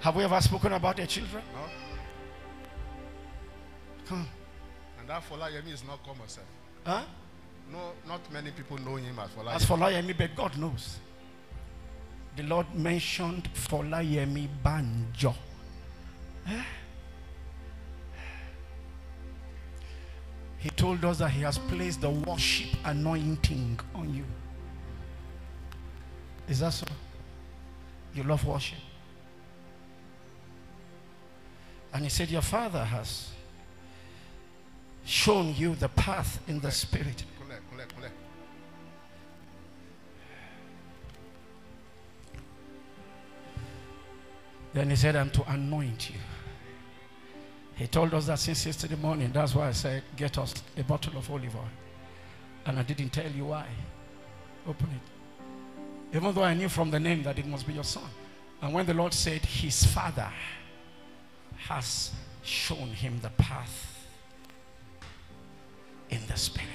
S1: Have we ever spoken about their children? No. Come.
S2: And that Fọláyẹmí is not common, sir. Huh? No, not many people know him as Fola. As Fola
S1: Yemi, but God knows. The Lord mentioned Fola Yemi
S2: Banjo. Eh?
S1: He told us that he has placed the worship anointing on you. Is that so? You love worship. And he said, Your father has shown you the path in the spirit. Then he said, I'm to anoint you. He told us that since yesterday morning. That's why I said, get us a bottle of olive oil. And I didn't tell you why.
S2: Open it. Even though I knew from the name that it must be your son. And when the Lord said, his father has shown him the path in the spirit.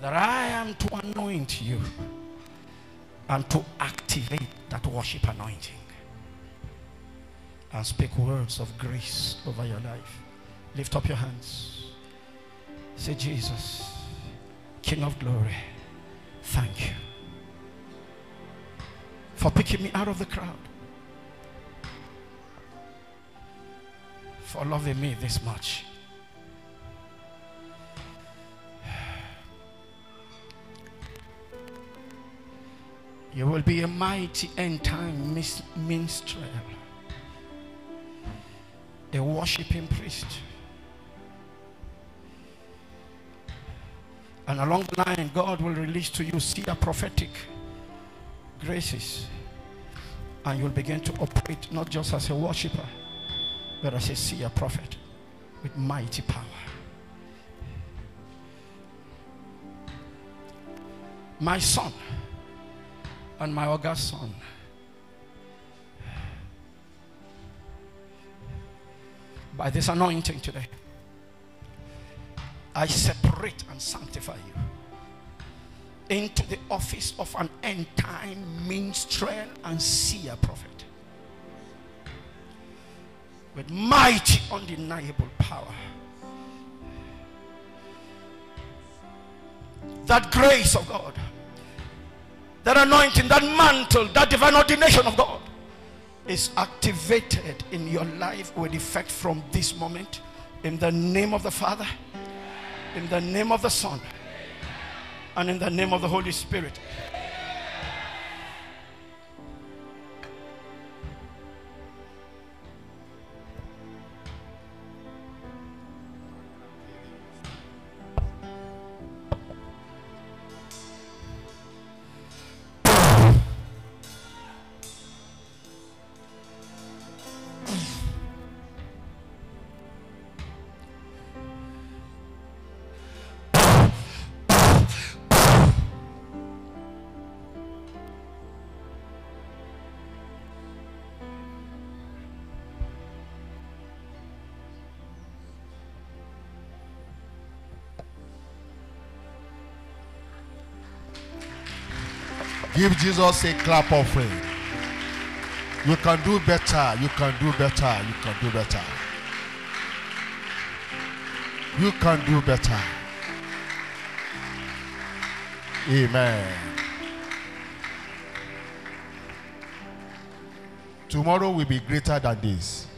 S2: That I am to anoint you and to activate that worship anointing
S1: and speak words of grace over your life. Lift up your hands. Say, Jesus, King of glory, thank you for picking me out of the crowd, for loving me this much. You will be a mighty end time minstrel, a worshiping priest. And along the line, God will release to you seer prophetic graces. And you'll begin to operate not just as a worshiper, but as a seer prophet with mighty power.
S2: My son on my august son. By this anointing today,
S1: I separate and sanctify you
S2: into the office of an end time minstrel and seer prophet with mighty, undeniable power. That grace of God that anointing, that mantle, that divine ordination of God is activated in your life with effect from this moment. In the name of the Father, in the name of the Son, and in the name of the Holy Spirit. Give Jesus a clap offering. You can do better. You can do better. You can do better. You can do better. Amen. Tomorrow will be greater than this.